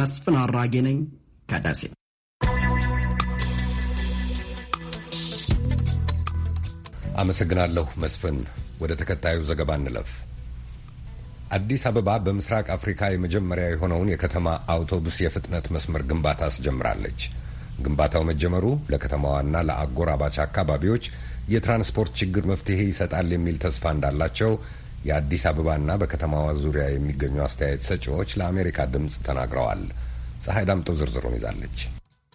መስፍን አራጌ ነኝ ከደሴ። አመሰግናለሁ መስፍን። ወደ ተከታዩ ዘገባ እንለፍ። አዲስ አበባ በምስራቅ አፍሪካ የመጀመሪያ የሆነውን የከተማ አውቶቡስ የፍጥነት መስመር ግንባታ አስጀምራለች። ግንባታው መጀመሩ ለከተማዋና ለአጎራባች አካባቢዎች የትራንስፖርት ችግር መፍትሄ ይሰጣል የሚል ተስፋ እንዳላቸው የአዲስ አበባና በከተማዋ ዙሪያ የሚገኙ አስተያየት ሰጪዎች ለአሜሪካ ድምፅ ተናግረዋል። ፀሐይ ዳምጠው ዝርዝሩን ይዛለች።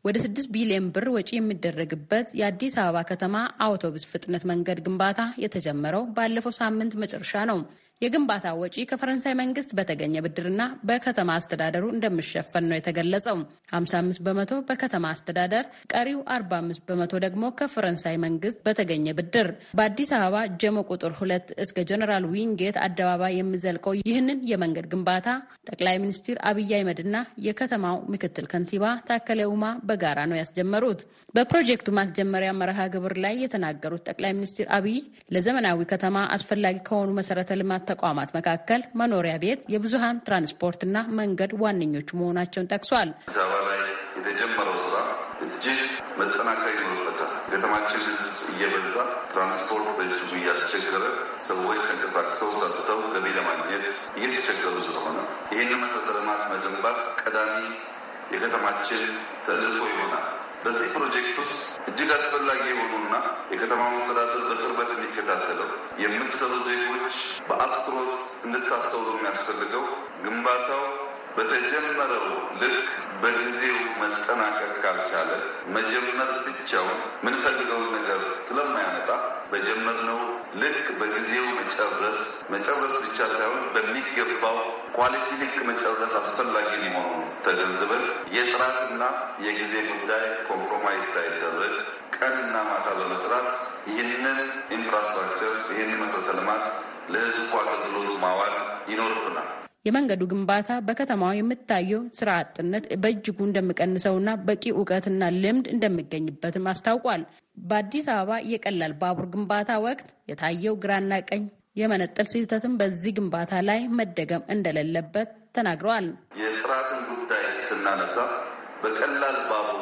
ወደ ስድስት ቢሊዮን ብር ወጪ የሚደረግበት የአዲስ አበባ ከተማ አውቶቡስ ፍጥነት መንገድ ግንባታ የተጀመረው ባለፈው ሳምንት መጨረሻ ነው። የግንባታ ወጪ ከፈረንሳይ መንግስት በተገኘ ብድርና በከተማ አስተዳደሩ እንደሚሸፈን ነው የተገለጸው። 55 በመቶ በከተማ አስተዳደር፣ ቀሪው 45 በመቶ ደግሞ ከፈረንሳይ መንግስት በተገኘ ብድር። በአዲስ አበባ ጀሞ ቁጥር ሁለት እስከ ጀነራል ዊንጌት አደባባይ የሚዘልቀው ይህንን የመንገድ ግንባታ ጠቅላይ ሚኒስትር አብይ አህመድና የከተማው ምክትል ከንቲባ ታከለ ኡማ በጋራ ነው ያስጀመሩት። በፕሮጀክቱ ማስጀመሪያ መርሃ ግብር ላይ የተናገሩት ጠቅላይ ሚኒስትር አብይ ለዘመናዊ ከተማ አስፈላጊ ከሆኑ መሰረተ ልማት ተቋማት መካከል መኖሪያ ቤት፣ የብዙሀን ትራንስፖርትና መንገድ ዋነኞቹ መሆናቸውን ጠቅሷል። አዲስ አበባ ላይ የተጀመረው ስራ እጅግ መጠናከር ይኖርበታል። ከተማችን ህዝብ እየበዛ ትራንስፖርት በእጅጉ እያስቸገረ ሰዎች ተንቀሳቅሰው ሰርተው ገቢ ለማግኘት እየተቸገሩ ስለሆነ ይህን መሰረተ ልማት መገንባት ቀዳሚ የከተማችን ተልዕኮ ፕሮጀክት ውስጥ እጅግ አስፈላጊ የሆኑና የከተማ መስተዳደር በቅርበት የሚከታተለው የምትሰሩ ዜጎች በአትኩሮት እንድታስተውሉ የሚያስፈልገው ግንባታው በተጀመረው ልክ በጊዜው መጠናቀቅ ካልቻለ መጀመር ብቻውን ምንፈልገውን ነገር ስለማያመጣ በጀመርነው ልክ በጊዜው መጨረስ መጨረስ ብቻ ሳይሆን በሚገባው ኳሊቲ ልክ መጨረስ አስፈላጊ ሊሆኑ ተገንዝበን የጥራትና የጊዜ ጉዳይ ኮምፕሮማይዝ ሳይደረግ ቀንና ማታ በመስራት ይህንን ኢንፍራስትራክቸር ይህንን መሰረተ ልማት ለሕዝቡ አገልግሎት ማዋል ይኖርብናል። የመንገዱ ግንባታ በከተማው የምታየው ስራ አጥነት በእጅጉ እንደሚቀንሰውና በቂ እውቀትና ልምድ እንደሚገኝበትም አስታውቋል። በአዲስ አበባ የቀላል ባቡር ግንባታ ወቅት የታየው ግራና ቀኝ የመነጠል ስህተትም በዚህ ግንባታ ላይ መደገም እንደሌለበት ተናግረዋል። የጥራትን ጉዳይ ስናነሳ በቀላል ባቡር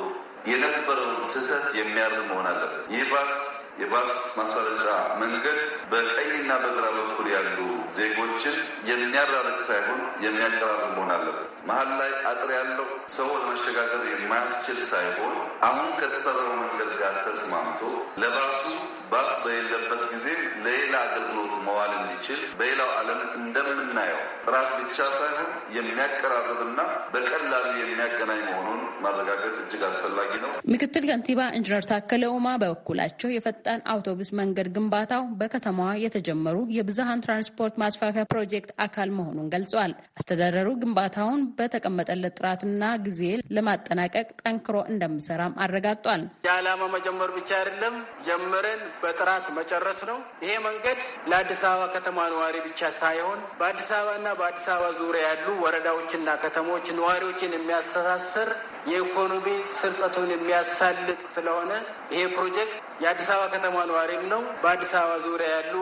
የነበረውን ስህተት የሚያርም መሆን አለበት። ይህ ባስ የባስ ማሰረጫ መንገድ በቀኝና በግራ በኩል ያሉ ዜጎችን የሚያራርቅ ሳይሆን የሚያቀራርብ መሆን አለበት። መሀል ላይ አጥር ያለው ሰው ለመሸጋገር የማያስችል ሳይሆን አሁን ከተሰራው መንገድ ጋር ተስማምቶ ለባሱ ባስ በሌለበት ጊዜ ለሌላ አገልግሎት መዋል እንዲችል በሌላው ዓለም እንደምናየው ጥራት ብቻ ሳይሆን የሚያቀራርብና በቀላሉ የሚያገናኝ መሆኑን ማረጋገጥ እጅግ አስፈላጊ ነው። ምክትል ከንቲባ ኢንጂነር ታከለ ኡማ በበኩላቸው የፈጣን አውቶቡስ መንገድ ግንባታው በከተማዋ የተጀመሩ የብዝሃን ትራንስፖርት ማስፋፊያ ፕሮጀክት አካል መሆኑን ገልጿል። አስተዳደሩ ግንባታውን በተቀመጠለት ጥራትና ጊዜ ለማጠናቀቅ ጠንክሮ እንደሚሰራም አረጋግጧል። የዓላማ መጀመር ብቻ አይደለም ጀምረን በጥራት መጨረስ ነው። ይሄ መንገድ ለአዲስ አበባ ከተማ ነዋሪ ብቻ ሳይሆን በአዲስ አበባና በአዲስ አበባ ዙሪያ ያሉ ወረዳዎችና ከተሞች ነዋሪዎችን የሚያስተሳስር የኢኮኖሚ ስርጸቱን የሚያሳልጥ ስለሆነ ይሄ ፕሮጀክት የአዲስ አበባ ከተማ ነዋሪም ነው፣ በአዲስ አበባ ዙሪያ ያሉ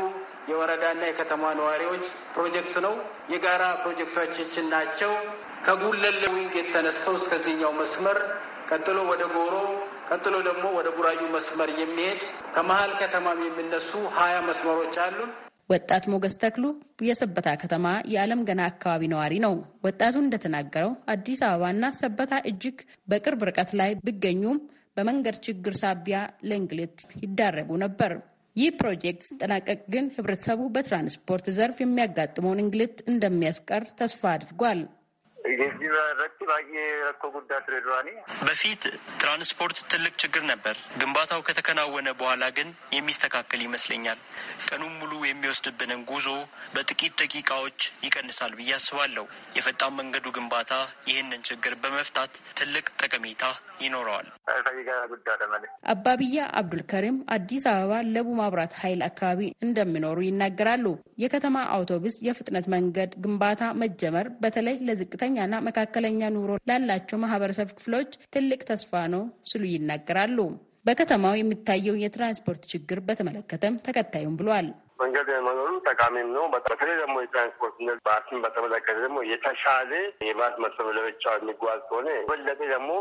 የወረዳና የከተማ ነዋሪዎች ፕሮጀክት ነው። የጋራ ፕሮጀክቶቻችን ናቸው። ከጉለሌ ዊንጌት ተነስተው እስከዚህኛው መስመር ቀጥሎ ወደ ጎሮ ቀጥሎ ደግሞ ወደ ቡራዩ መስመር የሚሄድ ከመሀል ከተማም የሚነሱ ሀያ መስመሮች አሉን። ወጣት ሞገስ ተክሉ የሰበታ ከተማ የዓለም ገና አካባቢ ነዋሪ ነው። ወጣቱ እንደተናገረው አዲስ አበባና ሰበታ እጅግ በቅርብ ርቀት ላይ ቢገኙም በመንገድ ችግር ሳቢያ ለእንግልት ይዳረጉ ነበር። ይህ ፕሮጀክት ሲጠናቀቅ ግን ህብረተሰቡ በትራንስፖርት ዘርፍ የሚያጋጥመውን እንግልት እንደሚያስቀር ተስፋ አድርጓል። በፊት ትራንስፖርት ትልቅ ችግር ነበር። ግንባታው ከተከናወነ በኋላ ግን የሚስተካከል ይመስለኛል። ቀኑን ሙሉ የሚወስድብንን ጉዞ በጥቂት ደቂቃዎች ይቀንሳል ብዬ አስባለሁ። የፈጣን መንገዱ ግንባታ ይህንን ችግር በመፍታት ትልቅ ጠቀሜታ ይኖረዋል። አባብያ አብዱልከሪም አዲስ አበባ ለቡ ማብራት ኃይል አካባቢ እንደሚኖሩ ይናገራሉ። የከተማ አውቶቡስ የፍጥነት መንገድ ግንባታ መጀመር በተለይ ለዝቅተኛ ዝቅተኛና መካከለኛ ኑሮ ላላቸው ማህበረሰብ ክፍሎች ትልቅ ተስፋ ነው ስሉ ይናገራሉ። በከተማው የሚታየው የትራንስፖርት ችግር በተመለከተም ተከታዩም ብሏል። መንገድ መኖሩ ጠቃሚም ነው። በተለይ ደግሞ የትራንስፖርት ባስን በተመለከተ ደግሞ የተሻለ የባስ መሰብለብቻ የሚጓዝ ከሆነ የበለጠ ደግሞ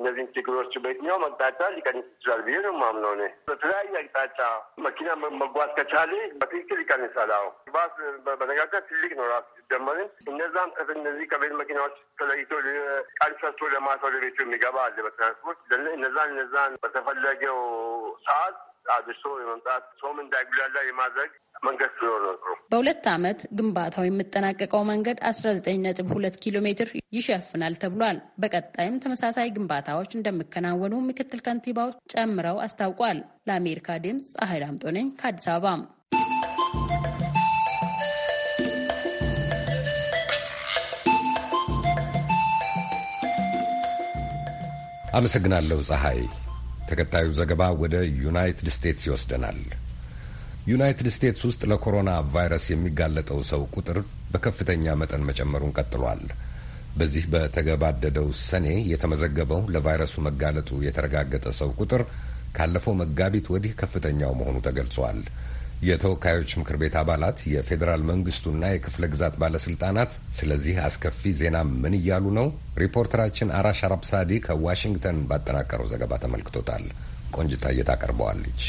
እነዚህን ችግሮች በየትኛውም አቅጣጫ ሊቀንስ ይችላል ብዬ ነው የማምነው እኔ። በተለያየ አቅጣጫ መኪና መጓዝ ከቻለ በትክክል ይቀንሳል። አዎ ባስ በነጋገር ትልቅ ነው ራሱ ሲጀመርን እነዛም እነዚህ ከቤት መኪናዎች ተለይቶ ቀን ሰርቶ ለማሰው ቤቱ የሚገባ አለ በትራንስፖርት እነዛን እነዛን በተፈለገው ሰዓት አድሶ የመምጣት ሰውም እንዳይጉላላ የማድረግ መንገድ ስለሆነ ነው። በሁለት ዓመት ግንባታው የምጠናቀቀው መንገድ አስራ ዘጠኝ ነጥብ ሁለት ኪሎ ሜትር ይሸፍናል ተብሏል። በቀጣይም ተመሳሳይ ግንባታዎች እንደሚከናወኑ ምክትል ከንቲባው ጨምረው አስታውቋል። ለአሜሪካ ድምፅ ፀሐይ ዳምጦ ነኝ ከአዲስ አበባ። አመሰግናለሁ ፀሐይ። ተከታዩ ዘገባ ወደ ዩናይትድ ስቴትስ ይወስደናል። ዩናይትድ ስቴትስ ውስጥ ለኮሮና ቫይረስ የሚጋለጠው ሰው ቁጥር በከፍተኛ መጠን መጨመሩን ቀጥሏል። በዚህ በተገባደደው ሰኔ የተመዘገበው ለቫይረሱ መጋለጡ የተረጋገጠ ሰው ቁጥር ካለፈው መጋቢት ወዲህ ከፍተኛው መሆኑ ተገልጿል። የተወካዮች ምክር ቤት አባላት፣ የፌዴራል መንግስቱና የክፍለ ግዛት ባለስልጣናት ስለዚህ አስከፊ ዜና ምን እያሉ ነው? ሪፖርተራችን አራሽ አራብሳዲ ከዋሽንግተን ባጠናቀረው ዘገባ ተመልክቶታል። ቆንጅታ እየታቀርበዋለች።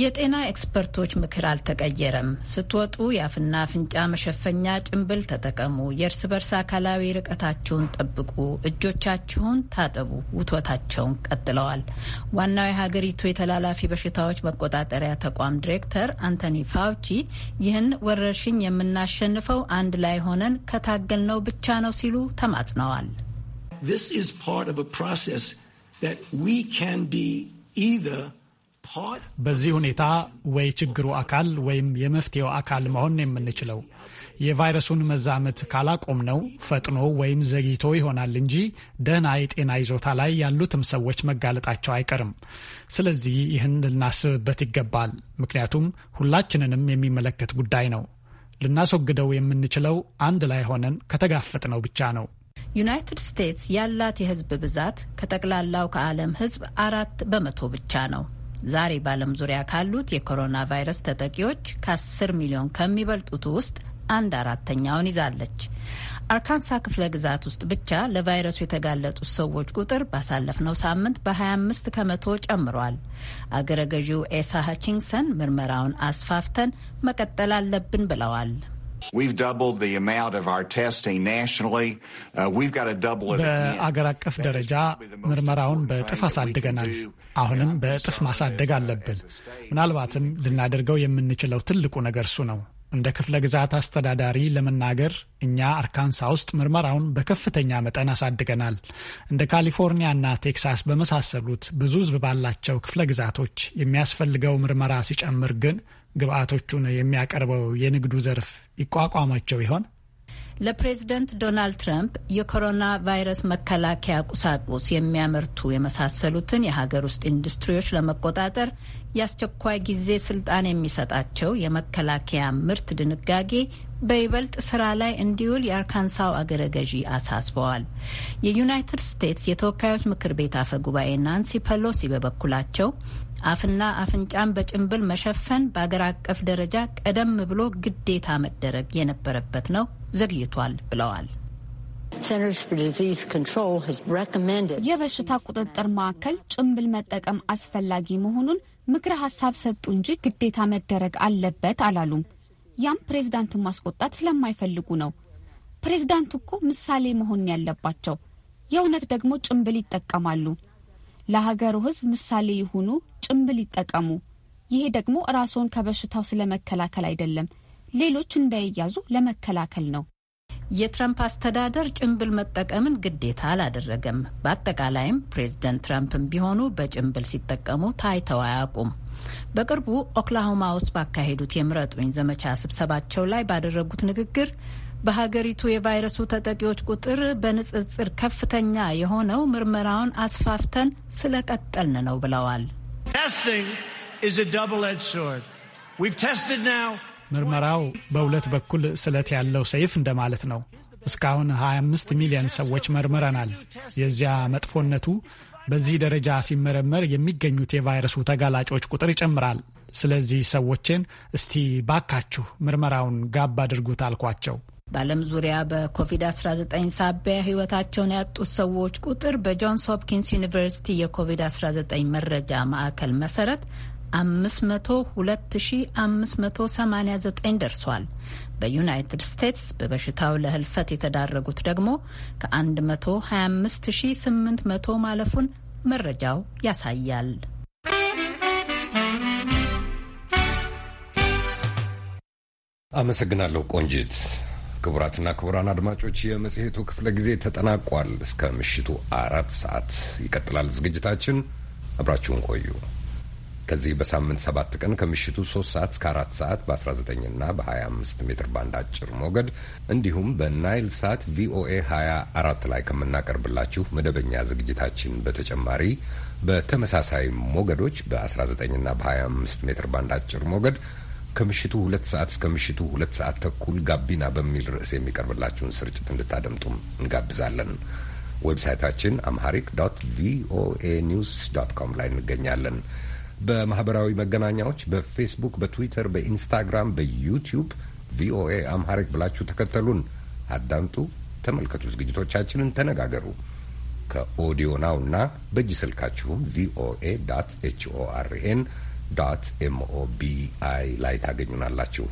የጤና ኤክስፐርቶች ምክር አልተቀየረም። ስትወጡ የአፍና አፍንጫ መሸፈኛ ጭንብል ተጠቀሙ፣ የእርስ በርስ አካላዊ ርቀታችሁን ጠብቁ፣ እጆቻችሁን ታጠቡ ውትወታቸውን ቀጥለዋል። ዋናው የሀገሪቱ የተላላፊ በሽታዎች መቆጣጠሪያ ተቋም ዲሬክተር አንቶኒ ፋውቺ ይህን ወረርሽኝ የምናሸንፈው አንድ ላይ ሆነን ከታገልነው ብቻ ነው ሲሉ ተማጽነዋል። This is part of a process that we can be either በዚህ ሁኔታ ወይ ችግሩ አካል ወይም የመፍትሄው አካል መሆን የምንችለው የቫይረሱን መዛመት ካላቆም ነው። ፈጥኖ ወይም ዘግይቶ ይሆናል እንጂ ደህና የጤና ይዞታ ላይ ያሉትም ሰዎች መጋለጣቸው አይቀርም። ስለዚህ ይህን ልናስብበት ይገባል። ምክንያቱም ሁላችንንም የሚመለከት ጉዳይ ነው። ልናስወግደው የምንችለው አንድ ላይ ሆነን ከተጋፈጥነው ብቻ ነው። ዩናይትድ ስቴትስ ያላት የህዝብ ብዛት ከጠቅላላው ከዓለም ህዝብ አራት በመቶ ብቻ ነው። ዛሬ በዓለም ዙሪያ ካሉት የኮሮና ቫይረስ ተጠቂዎች ከ10 ሚሊዮን ከሚበልጡት ውስጥ አንድ አራተኛውን ይዛለች። አርካንሳ ክፍለ ግዛት ውስጥ ብቻ ለቫይረሱ የተጋለጡት ሰዎች ቁጥር ባሳለፍነው ሳምንት በ25 ከመቶ ጨምሯል። አገረ ገዢው ኤሳ ሀቺንግሰን ምርመራውን አስፋፍተን መቀጠል አለብን ብለዋል። በአገር አቀፍ ደረጃ ምርመራውን በእጥፍ አሳድገናል። አሁንም በእጥፍ ማሳደግ አለብን። ምናልባትም ልናደርገው የምንችለው ትልቁ ነገር እሱ ነው። እንደ ክፍለ ግዛት አስተዳዳሪ ለመናገር እኛ አርካንሳ ውስጥ ምርመራውን በከፍተኛ መጠን አሳድገናል። እንደ ካሊፎርኒያና ቴክሳስ በመሳሰሉት ብዙ ሕዝብ ባላቸው ክፍለ ግዛቶች የሚያስፈልገው ምርመራ ሲጨምር ግን ግብአቶቹን የሚያቀርበው የንግዱ ዘርፍ ይቋቋማቸው ይሆን? ለፕሬዝደንት ዶናልድ ትራምፕ የኮሮና ቫይረስ መከላከያ ቁሳቁስ የሚያመርቱ የመሳሰሉትን የሀገር ውስጥ ኢንዱስትሪዎች ለመቆጣጠር የአስቸኳይ ጊዜ ስልጣን የሚሰጣቸው የመከላከያ ምርት ድንጋጌ በይበልጥ ስራ ላይ እንዲውል የአርካንሳው አገረ ገዢ አሳስበዋል። የዩናይትድ ስቴትስ የተወካዮች ምክር ቤት አፈ ጉባኤ ናንሲ ፐሎሲ በበኩላቸው አፍና አፍንጫን በጭንብል መሸፈን በአገር አቀፍ ደረጃ ቀደም ብሎ ግዴታ መደረግ የነበረበት ነው፣ ዘግይቷል ብለዋል። የበሽታ ቁጥጥር ማዕከል ጭንብል መጠቀም አስፈላጊ መሆኑን ምክረ ሀሳብ ሰጡ እንጂ ግዴታ መደረግ አለበት አላሉም። ያም ፕሬዝዳንቱን ማስቆጣት ስለማይፈልጉ ነው። ፕሬዝዳንቱ እኮ ምሳሌ መሆን ያለባቸው፣ የእውነት ደግሞ ጭንብል ይጠቀማሉ። ለሀገሩ ህዝብ ምሳሌ የሆኑ ጭንብል ይጠቀሙ። ይሄ ደግሞ ራስዎን ከበሽታው ስለመከላከል አይደለም፣ ሌሎች እንዳይያዙ ለመከላከል ነው። የትራምፕ አስተዳደር ጭንብል መጠቀምን ግዴታ አላደረገም። በአጠቃላይም ፕሬዚደንት ትራምፕም ቢሆኑ በጭንብል ሲጠቀሙ ታይተው አያውቁም። በቅርቡ ኦክላሆማ ውስጥ ባካሄዱት የምረጡኝ ዘመቻ ስብሰባቸው ላይ ባደረጉት ንግግር በሀገሪቱ የቫይረሱ ተጠቂዎች ቁጥር በንጽጽር ከፍተኛ የሆነው ምርመራውን አስፋፍተን ስለቀጠልን ነው ብለዋል። ምርመራው በሁለት በኩል ስለት ያለው ሰይፍ እንደማለት ነው። እስካሁን 25 ሚሊዮን ሰዎች መርምረናል። የዚያ መጥፎነቱ በዚህ ደረጃ ሲመረመር የሚገኙት የቫይረሱ ተጋላጮች ቁጥር ይጨምራል። ስለዚህ ሰዎችን እስቲ ባካችሁ ምርመራውን ጋብ አድርጉት አልኳቸው። በዓለም ዙሪያ በኮቪድ-19 ሳቢያ ሕይወታቸውን ያጡት ሰዎች ቁጥር በጆንስ ሆፕኪንስ ዩኒቨርሲቲ የኮቪድ-19 መረጃ ማዕከል መሰረት 502589 ደርሷል። በዩናይትድ ስቴትስ በበሽታው ለህልፈት የተዳረጉት ደግሞ ከ125800 ማለፉን መረጃው ያሳያል። አመሰግናለሁ ቆንጂት። ክቡራትና ክቡራን አድማጮች የመጽሔቱ ክፍለ ጊዜ ተጠናቋል። እስከ ምሽቱ አራት ሰዓት ይቀጥላል ዝግጅታችን። አብራችሁን ቆዩ። ከዚህ በሳምንት ሰባት ቀን ከምሽቱ ሶስት ሰዓት እስከ አራት ሰዓት በ19ና በ25 ሜትር ባንድ አጭር ሞገድ እንዲሁም በናይል ሳት ቪኦኤ 24 ላይ ከምናቀርብላችሁ መደበኛ ዝግጅታችን በተጨማሪ በተመሳሳይ ሞገዶች በ19ና በ25 ሜትር ባንድ አጭር ሞገድ ከምሽቱ ሁለት ሰዓት እስከ ምሽቱ ሁለት ሰዓት ተኩል ጋቢና በሚል ርዕስ የሚቀርብላችሁን ስርጭት እንድታደምጡም እንጋብዛለን። ዌብሳይታችን አምሃሪክ ዶት ቪኦኤ ኒውስ ዶት ኮም ላይ እንገኛለን። በማህበራዊ መገናኛዎች በፌስቡክ፣ በትዊተር፣ በኢንስታግራም፣ በዩቲዩብ ቪኦኤ አምሃሪክ ብላችሁ ተከተሉን፣ አዳምጡ፣ ተመልከቱ፣ ዝግጅቶቻችንን ተነጋገሩ። ከኦዲዮ ናው እና በእጅ ስልካችሁም ቪኦኤ ዶት ኤችኦአርኤን ዶት ኤምኦቢአይ ላይ ታገኙናላችሁ።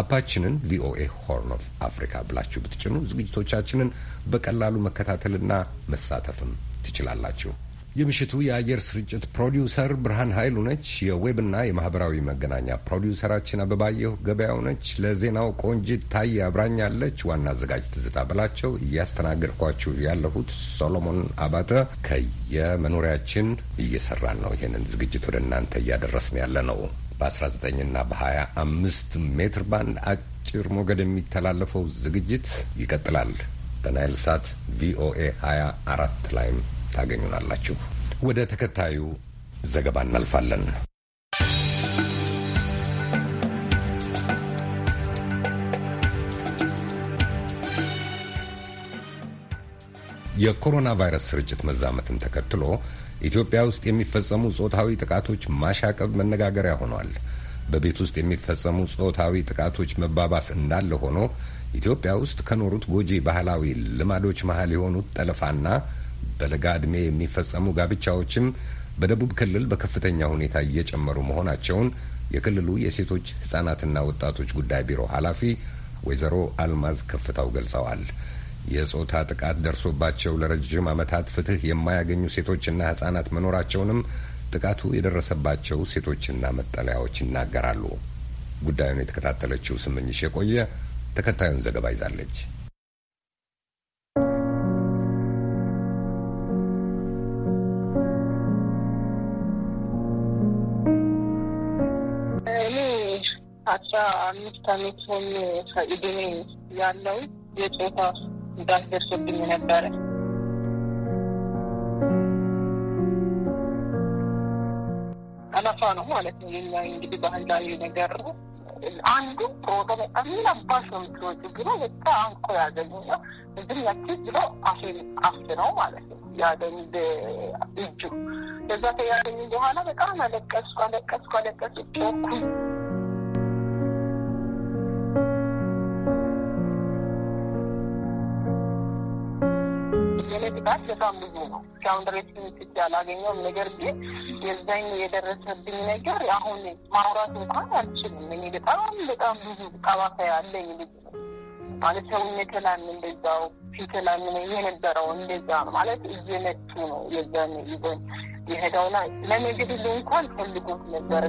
አፓችንን ቪኦኤ ሆርን ኦፍ አፍሪካ ብላችሁ ብትጭኑ ዝግጅቶቻችንን በቀላሉ መከታተልና መሳተፍም ትችላላችሁ። የምሽቱ የአየር ስርጭት ፕሮዲውሰር ብርሃን ኃይሉ ነች። የዌብና የማህበራዊ መገናኛ ፕሮዲውሰራችን አበባየሁ ገበያው ነች። ለዜናው ቆንጂት ታይ አብራኛለች። ዋና አዘጋጅ ትዝታ በላቸው፣ እያስተናገድኳችሁ ያለሁት ሶሎሞን አባተ። ከየመኖሪያችን እየሰራን ነው ይህንን ዝግጅት ወደ እናንተ እያደረስን ያለ ነው። በ19 ና በ25 ሜትር ባንድ አጭር ሞገድ የሚተላለፈው ዝግጅት ይቀጥላል። በናይል ሳት ቪኦኤ 24 ላይም ታገኙናላችሁ። ወደ ተከታዩ ዘገባ እናልፋለን። የኮሮና ቫይረስ ስርጭት መዛመትን ተከትሎ ኢትዮጵያ ውስጥ የሚፈጸሙ ጾታዊ ጥቃቶች ማሻቀብ መነጋገሪያ ሆኗል። በቤት ውስጥ የሚፈጸሙ ጾታዊ ጥቃቶች መባባስ እንዳለ ሆኖ ኢትዮጵያ ውስጥ ከኖሩት ጎጂ ባህላዊ ልማዶች መሀል የሆኑት ጠለፋና በለጋ ዕድሜ የሚፈጸሙ ጋብቻዎችም በደቡብ ክልል በከፍተኛ ሁኔታ እየጨመሩ መሆናቸውን የክልሉ የሴቶች ህጻናትና ወጣቶች ጉዳይ ቢሮ ኃላፊ ወይዘሮ አልማዝ ከፍታው ገልጸዋል። የጾታ ጥቃት ደርሶባቸው ለረጅም ዓመታት ፍትህ የማያገኙ ሴቶችና ህጻናት መኖራቸውንም ጥቃቱ የደረሰባቸው ሴቶችና መጠለያዎች ይናገራሉ። ጉዳዩን የተከታተለችው ስመኝሽ የቆየ ተከታዩን ዘገባ ይዛለች። አምስት አመት ሆኖ ከኢድሜ ያለው የጾታ ጉዳት ደርሶብኝ ነበረ። አናፋ ነው ማለት ነው። የኛ እንግዲህ ባህላዊ ነገር አንዱ ሮጦ አሚን አባሽ ነው የምትወጪ ብሎ በቃ አንኮ ያገኙ ነው እዚህ ያቺ ብሎ አፌን አፍ ነው ማለት ነው ያገኝ እጁ ከዛ ከያገኙ በኋላ በጣም አለቀስኩ አለቀስኩ አለቀስኩ ጮኩኝ። የኔ ጥቃት ለሷም ልዩ ነው። እስካሁን ድረስ ምትት ያላገኘውም ነገር ግን የዛኝ የደረሰብኝ ነገር አሁን ማውራት እንኳን አልችልም። እኔ በጣም በጣም ብዙ ቀባታ ያለኝ ልጅ ነው ማለት ሰውነት ላም እንደዛው ፊት ላም የነበረው እንደዛ ነው ማለት እየመቱ ነው የዛን ይዘን የሄደውና ለመግድል እንኳን ፈልጎት ነበር።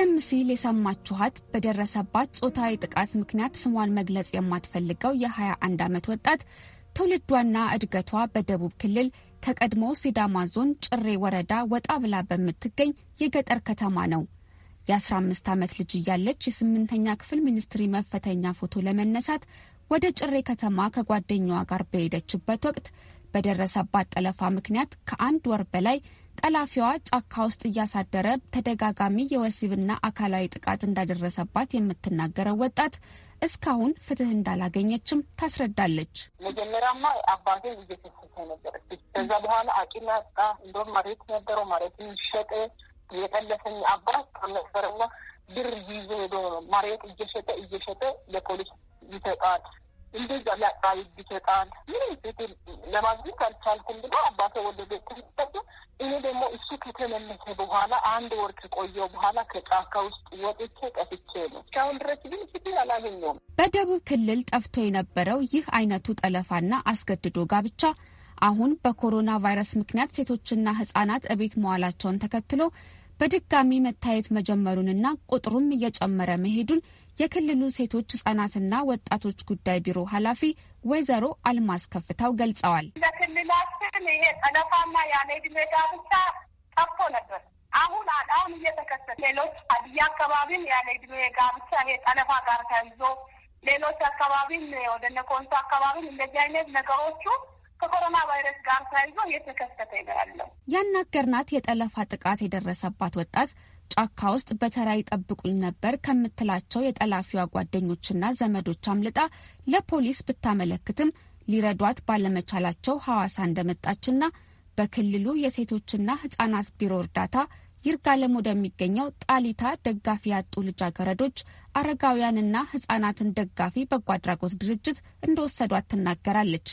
ቀደም ሲል የሰማችኋት በደረሰባት ጾታዊ ጥቃት ምክንያት ስሟን መግለጽ የማትፈልገው የ21 ዓመት ወጣት ትውልዷና እድገቷ በደቡብ ክልል ከቀድሞ ሲዳማ ዞን ጭሬ ወረዳ ወጣ ብላ በምትገኝ የገጠር ከተማ ነው። የ15 ዓመት ልጅ እያለች የስምንተኛ ክፍል ሚኒስትሪ መፈተኛ ፎቶ ለመነሳት ወደ ጭሬ ከተማ ከጓደኛዋ ጋር በሄደችበት ወቅት በደረሰባት ጠለፋ ምክንያት ከአንድ ወር በላይ ጠላፊዋ ጫካ ውስጥ እያሳደረ ተደጋጋሚ የወሲብና አካላዊ ጥቃት እንዳደረሰባት የምትናገረው ወጣት እስካሁን ፍትህ እንዳላገኘችም ታስረዳለች። መጀመሪያማ አባቴን እየሰሰሰ ነበረች። ከዛ በኋላ አቂም ያጣ እንደም መሬት ነበረው መሬት ይሸጠ የጠለፈኝ አባት ነበረና ብር ይዞ ሄዶ ነው መሬት እየሸጠ እየሸጠ ለፖሊስ ይሰጣል። እንደዛ ሊያቃይ ይሰጣል። ምንም ቤት ለማግኘት አልቻልኩም ብሎ አባተ ወደ ቤት እኔ ደግሞ እሱ ከተመለሰ በኋላ አንድ ወር ከቆየው በኋላ ከጫካ ውስጥ ወጥቼ ጠፍቼ ነው። እስካሁን ድረስ ግን ፍትህ አላገኘውም። በደቡብ ክልል ጠፍቶ የነበረው ይህ አይነቱ ጠለፋና አስገድዶ ጋብቻ አሁን በኮሮና ቫይረስ ምክንያት ሴቶችና ህጻናት እቤት መዋላቸውን ተከትሎ በድጋሚ መታየት መጀመሩንና ቁጥሩም እየጨመረ መሄዱን የክልሉ ሴቶች ህጻናትና ወጣቶች ጉዳይ ቢሮ ኃላፊ ወይዘሮ አልማዝ ከፍታው ገልጸዋል። ለክልላችን ይሄ ጠለፋና ያለ እድሜ ጋብቻ ጠፍቶ ነበር። አሁን አሁን እየተከሰተ ሌሎች አድያ አካባቢም ያለ እድሜ ጋብቻ ይሄ ጠለፋ ጋር ተይዞ ሌሎች አካባቢም ወደነ ኮንሶ አካባቢም እንደዚህ አይነት ነገሮቹ ከኮሮና ቫይረስ ጋር ተያይዞ እየተከሰተ ይገራለሁ። ያናገርናት የጠለፋ ጥቃት የደረሰባት ወጣት ጫካ ውስጥ በተራ ይጠብቁኝ ነበር ከምትላቸው የጠላፊዋ ጓደኞችና ዘመዶች አምልጣ ለፖሊስ ብታመለክትም ሊረዷት ባለመቻላቸው ሐዋሳ እንደመጣችና በክልሉ የሴቶችና ህጻናት ቢሮ እርዳታ ይርጋለም ወደሚገኘው ጣሊታ ደጋፊ ያጡ ልጃገረዶች አረጋውያንና ህጻናትን ደጋፊ በጎ አድራጎት ድርጅት እንደወሰዷት ትናገራለች።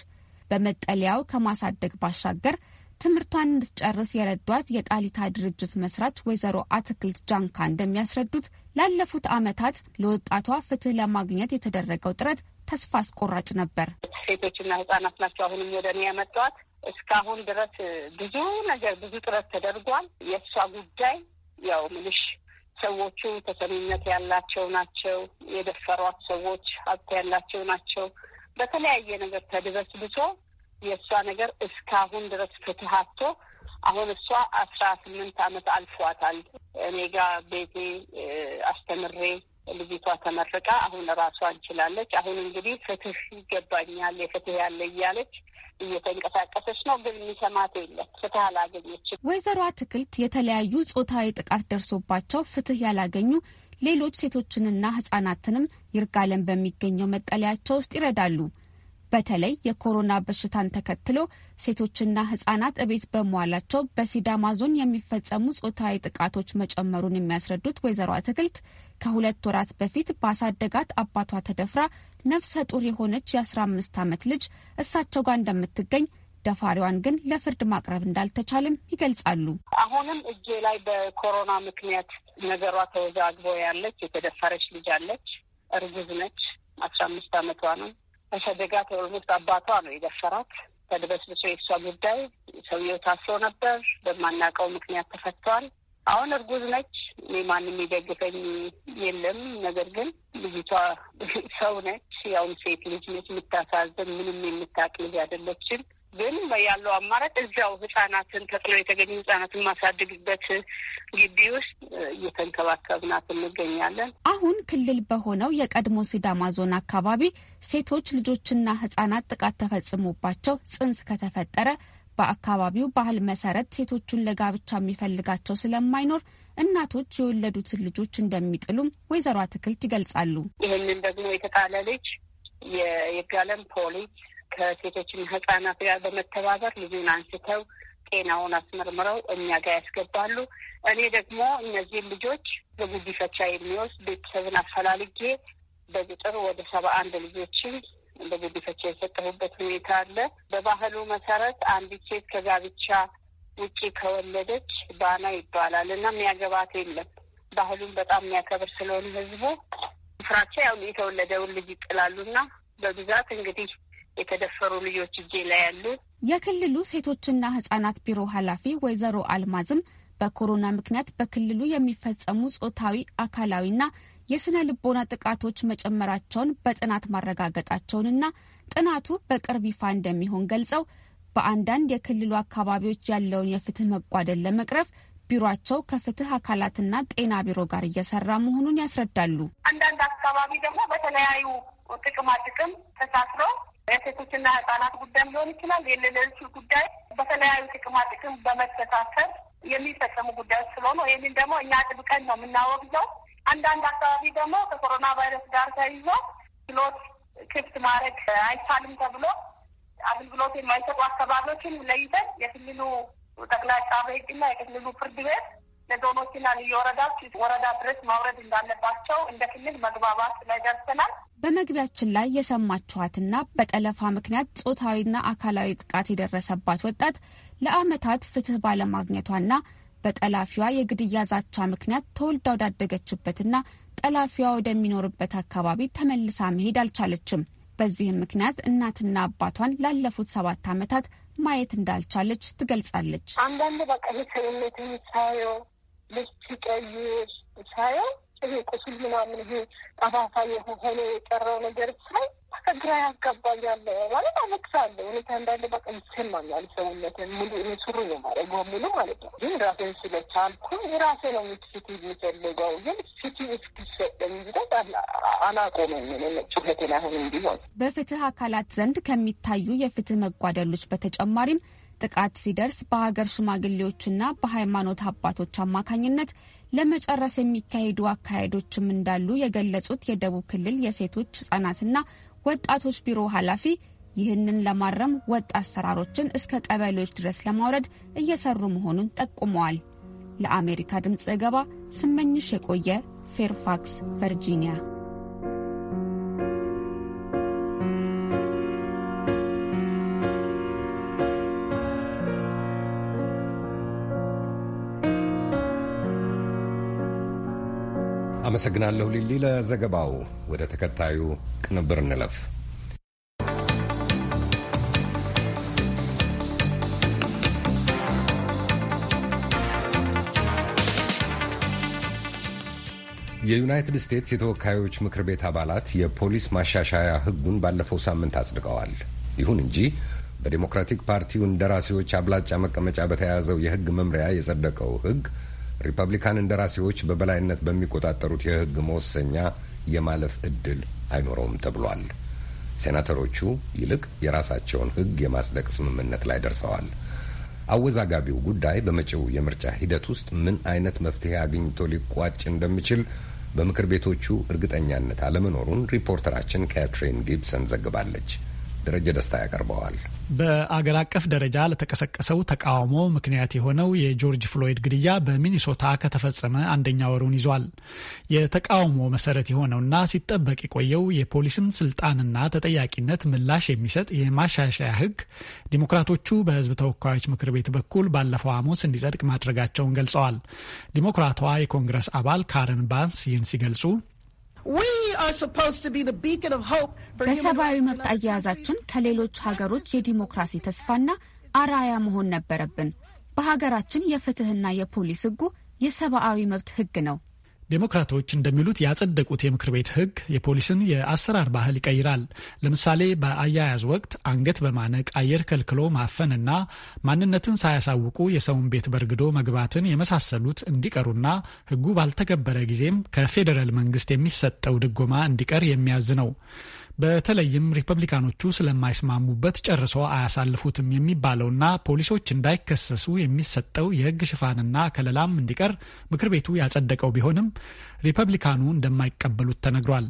በመጠለያው ከማሳደግ ባሻገር ትምህርቷን እንድትጨርስ የረዷት የጣሊታ ድርጅት መስራች ወይዘሮ አትክልት ጃንካ እንደሚያስረዱት ላለፉት ዓመታት ለወጣቷ ፍትህ ለማግኘት የተደረገው ጥረት ተስፋ አስቆራጭ ነበር። ሴቶችና ህጻናት ናቸው አሁንም ወደ እኔ ያመጧት። እስካሁን ድረስ ብዙ ነገር ብዙ ጥረት ተደርጓል። የእሷ ጉዳይ ያው ምልሽ ሰዎቹ ተሰሚነት ያላቸው ናቸው። የደፈሯት ሰዎች ሀብት ያላቸው ናቸው። በተለያየ ነገር ተድበስብሶ የእሷ ነገር እስካሁን ድረስ ፍትህ አሁን እሷ አስራ ስምንት አመት አልፏታል። እኔ ጋ ቤቴ አስተምሬ ልጅቷ ተመርቃ አሁን ራሷ እንችላለች። አሁን እንግዲህ ፍትህ ይገባኛል የፍትህ ያለ እያለች እየተንቀሳቀሰች ነው፣ ግን የሚሰማት የለም። ፍትህ አላገኘችም። ወይዘሮ አትክልት የተለያዩ ጾታዊ ጥቃት ደርሶባቸው ፍትህ ያላገኙ ሌሎች ሴቶችንና ህጻናትንም ይርጋለም በሚገኘው መጠለያቸው ውስጥ ይረዳሉ። በተለይ የኮሮና በሽታን ተከትሎ ሴቶችና ህጻናት እቤት በመዋላቸው በሲዳማ ዞን የሚፈጸሙ ጾታዊ ጥቃቶች መጨመሩን የሚያስረዱት ወይዘሮ አትክልት ከሁለት ወራት በፊት በአሳደጋት አባቷ ተደፍራ ነፍሰ ጡር የሆነች የ15 ዓመት ልጅ እሳቸው ጋር እንደምትገኝ ደፋሪዋን ግን ለፍርድ ማቅረብ እንዳልተቻልም ይገልጻሉ። አሁንም እጄ ላይ በኮሮና ምክንያት ነገሯ ተወዛግቦ ያለች የተደፈረች ልጅ አለች። እርጉዝ ነች። አስራ አምስት አመቷ ነው። ተሸደጋት ኦልሞስት አባቷ ነው የደፈራት። ተድበስብሶ የእሷ ጉዳይ ሰውየው ታስሮ ነበር። በማናውቀው ምክንያት ተፈቷል። አሁን እርጉዝ ነች። እኔ ማንም የሚደግፈኝ የለም። ነገር ግን ልጅቷ ሰው ነች፣ ያውም ሴት ልጅ ነች። የምታሳዝን ምንም የምታውቅ ልጅ አይደለችም። ግን ያለው አማራጭ እዚያው ህጻናትን ተጥሎ የተገኙ ህጻናትን ማሳደግበት ግቢ ውስጥ እየተንከባከብናት እንገኛለን። አሁን ክልል በሆነው የቀድሞ ሲዳማ ዞን አካባቢ ሴቶች ልጆችና ህጻናት ጥቃት ተፈጽሞባቸው ጽንስ ከተፈጠረ በአካባቢው ባህል መሰረት ሴቶቹን ለጋብቻ የሚፈልጋቸው ስለማይኖር እናቶች የወለዱትን ልጆች እንደሚጥሉም ወይዘሮ አትክልት ይገልጻሉ። ይህንን ደግሞ የተጣለ ልጅ የጋለም ፖሊስ ከሴቶችና ህጻናት ጋር በመተባበር ልጁን አንስተው ጤናውን አስመርምረው እኛ ጋር ያስገባሉ። እኔ ደግሞ እነዚህን ልጆች በጉዲፈቻ የሚወስድ ቤተሰብን አፈላልጌ በቁጥር ወደ ሰባ አንድ ልጆችን በጉዲፈቻ የሰጠሁበት ሁኔታ አለ። በባህሉ መሰረት አንዲት ሴት ከጋብቻ ውጪ ከወለደች ባና ይባላል እና የሚያገባት የለም። ባህሉን በጣም የሚያከብር ስለሆነ ህዝቡ ፍራቻ ያው የተወለደውን ልጅ ይጥላሉና በብዛት እንግዲህ የተደፈሩ ልጆች እጄ ላይ ያሉ። የክልሉ ሴቶችና ህጻናት ቢሮ ኃላፊ ወይዘሮ አልማዝም በኮሮና ምክንያት በክልሉ የሚፈጸሙ ጾታዊ አካላዊና የስነ ልቦና ጥቃቶች መጨመራቸውን በጥናት ማረጋገጣቸውንና ጥናቱ በቅርብ ይፋ እንደሚሆን ገልጸው በአንዳንድ የክልሉ አካባቢዎች ያለውን የፍትህ መጓደል ለመቅረፍ ቢሮቸው ከፍትህ አካላትና ጤና ቢሮ ጋር እየሰራ መሆኑን ያስረዳሉ። አንዳንድ አካባቢ ደግሞ በተለያዩ ጥቅማ ጥቅም ተሳስሮ የሴቶችና ህጻናት ጉዳይም ሊሆን ይችላል። የሌሎቹ ጉዳይ በተለያዩ ጥቅማ ጥቅም በመተሳሰር የሚፈጸሙ ጉዳዮች ስለሆኑ ይህንን ደግሞ እኛ ጥብቀን ነው የምናወግዘው። አንዳንድ አካባቢ ደግሞ ከኮሮና ቫይረስ ጋር ተይዞ ችሎት ክፍት ማድረግ አይቻልም ተብሎ አገልግሎት የማይሰጡ አካባቢዎችን ለይተን የክልሉ ጠቅላይ ዐቃቤ ሕግና የክልሉ ፍርድ ቤት ለዞኖችና ልዩ ወረዳዎች ወረዳ ድረስ ማውረድ እንዳለባቸው እንደ ክልል መግባባት ላይ ደርሰናል። በመግቢያችን ላይ የሰማችኋትና በጠለፋ ምክንያት ጾታዊና አካላዊ ጥቃት የደረሰባት ወጣት ለአመታት ፍትህ ባለማግኘቷና በጠላፊዋ የግድያ ዛቻ ምክንያት ተወልዳ ወዳደገችበትና ጠላፊዋ ወደሚኖርበት አካባቢ ተመልሳ መሄድ አልቻለችም። በዚህም ምክንያት እናትና አባቷን ላለፉት ሰባት ዓመታት ማየት እንዳልቻለች ትገልጻለች። አንዳንድ በቃ ልብስ ሲቀይር ሳየው ይሄ ቁስል ምናምን ይሄ ጠፋፋ የሆነ የቀረው ነገር ሳይ ግራ ያጋባኛል። ማለት አመክሳለሁ ሁኔታ እንዳለ በቃ ይሰማኛል። ሰውነትን ሙሉ ሱሪ ነው ማለት ሙሉ ማለት ነው። ግን ራሴን ስለቻልኩ የራሴ ነው ምትስቲ የሚፈልገው ግን ፊት እስኪሰጠኝ ድረስ አላቆመኝ ጩኸቴን አሁን እንዲሆን በፍትህ አካላት ዘንድ ከሚታዩ የፍትህ መጓደሎች በተጨማሪም ጥቃት ሲደርስ በሀገር ሽማግሌዎችና በሃይማኖት አባቶች አማካኝነት ለመጨረስ የሚካሄዱ አካሄዶችም እንዳሉ የገለጹት የደቡብ ክልል የሴቶች ህጻናትና ወጣቶች ቢሮ ኃላፊ ይህንን ለማረም ወጥ አሰራሮችን እስከ ቀበሌዎች ድረስ ለማውረድ እየሰሩ መሆኑን ጠቁመዋል። ለአሜሪካ ድምፅ ዘገባ ስመኝሽ የቆየ ፌርፋክስ ቨርጂኒያ። አመሰግናለሁ ሊሊ ለዘገባው። ወደ ተከታዩ ቅንብር እንለፍ። የዩናይትድ ስቴትስ የተወካዮች ምክር ቤት አባላት የፖሊስ ማሻሻያ ሕጉን ባለፈው ሳምንት አጽድቀዋል። ይሁን እንጂ በዴሞክራቲክ ፓርቲው እንደራሴዎች አብላጫ መቀመጫ በተያያዘው የሕግ መምሪያ የጸደቀው ሕግ ሪፐብሊካን እንደራሴዎች በበላይነት በሚቆጣጠሩት የህግ መወሰኛ የማለፍ እድል አይኖረውም ተብሏል። ሴናተሮቹ ይልቅ የራሳቸውን ህግ የማጽደቅ ስምምነት ላይ ደርሰዋል። አወዛጋቢው ጉዳይ በመጪው የምርጫ ሂደት ውስጥ ምን አይነት መፍትሄ አግኝቶ ሊቋጭ እንደሚችል በምክር ቤቶቹ እርግጠኛነት አለመኖሩን ሪፖርተራችን ካትሪን ጊብሰን ዘግባለች። ደረጀ ደስታ ያቀርበዋል። በአገር አቀፍ ደረጃ ለተቀሰቀሰው ተቃውሞ ምክንያት የሆነው የጆርጅ ፍሎይድ ግድያ በሚኒሶታ ከተፈጸመ አንደኛ ወሩን ይዟል። የተቃውሞ መሰረት የሆነውና ሲጠበቅ የቆየው የፖሊስን ስልጣንና ተጠያቂነት ምላሽ የሚሰጥ የማሻሻያ ህግ ዲሞክራቶቹ በህዝብ ተወካዮች ምክር ቤት በኩል ባለፈው ሐሙስ እንዲጸድቅ ማድረጋቸውን ገልጸዋል። ዲሞክራቷ የኮንግረስ አባል ካረን ባንስ ይህን ሲገልጹ በሰብአዊ መብት አያያዛችን ከሌሎች ሀገሮች የዲሞክራሲ ተስፋና አራያ መሆን ነበረብን። በሀገራችን የፍትህና የፖሊስ ህጉ የሰብአዊ መብት ህግ ነው። ዴሞክራቶች እንደሚሉት ያጸደቁት የምክር ቤት ህግ የፖሊስን የአሰራር ባህል ይቀይራል። ለምሳሌ በአያያዝ ወቅት አንገት በማነቅ አየር ከልክሎ ማፈንና ማንነትን ሳያሳውቁ የሰውን ቤት በርግዶ መግባትን የመሳሰሉት እንዲቀሩና ህጉ ባልተገበረ ጊዜም ከፌዴራል መንግስት የሚሰጠው ድጎማ እንዲቀር የሚያዝ ነው። በተለይም ሪፐብሊካኖቹ ስለማይስማሙበት ጨርሶ አያሳልፉትም የሚባለውና ፖሊሶች እንዳይከሰሱ የሚሰጠው የሕግ ሽፋንና ከለላም እንዲቀር ምክር ቤቱ ያጸደቀው ቢሆንም ሪፐብሊካኑ እንደማይቀበሉት ተነግሯል።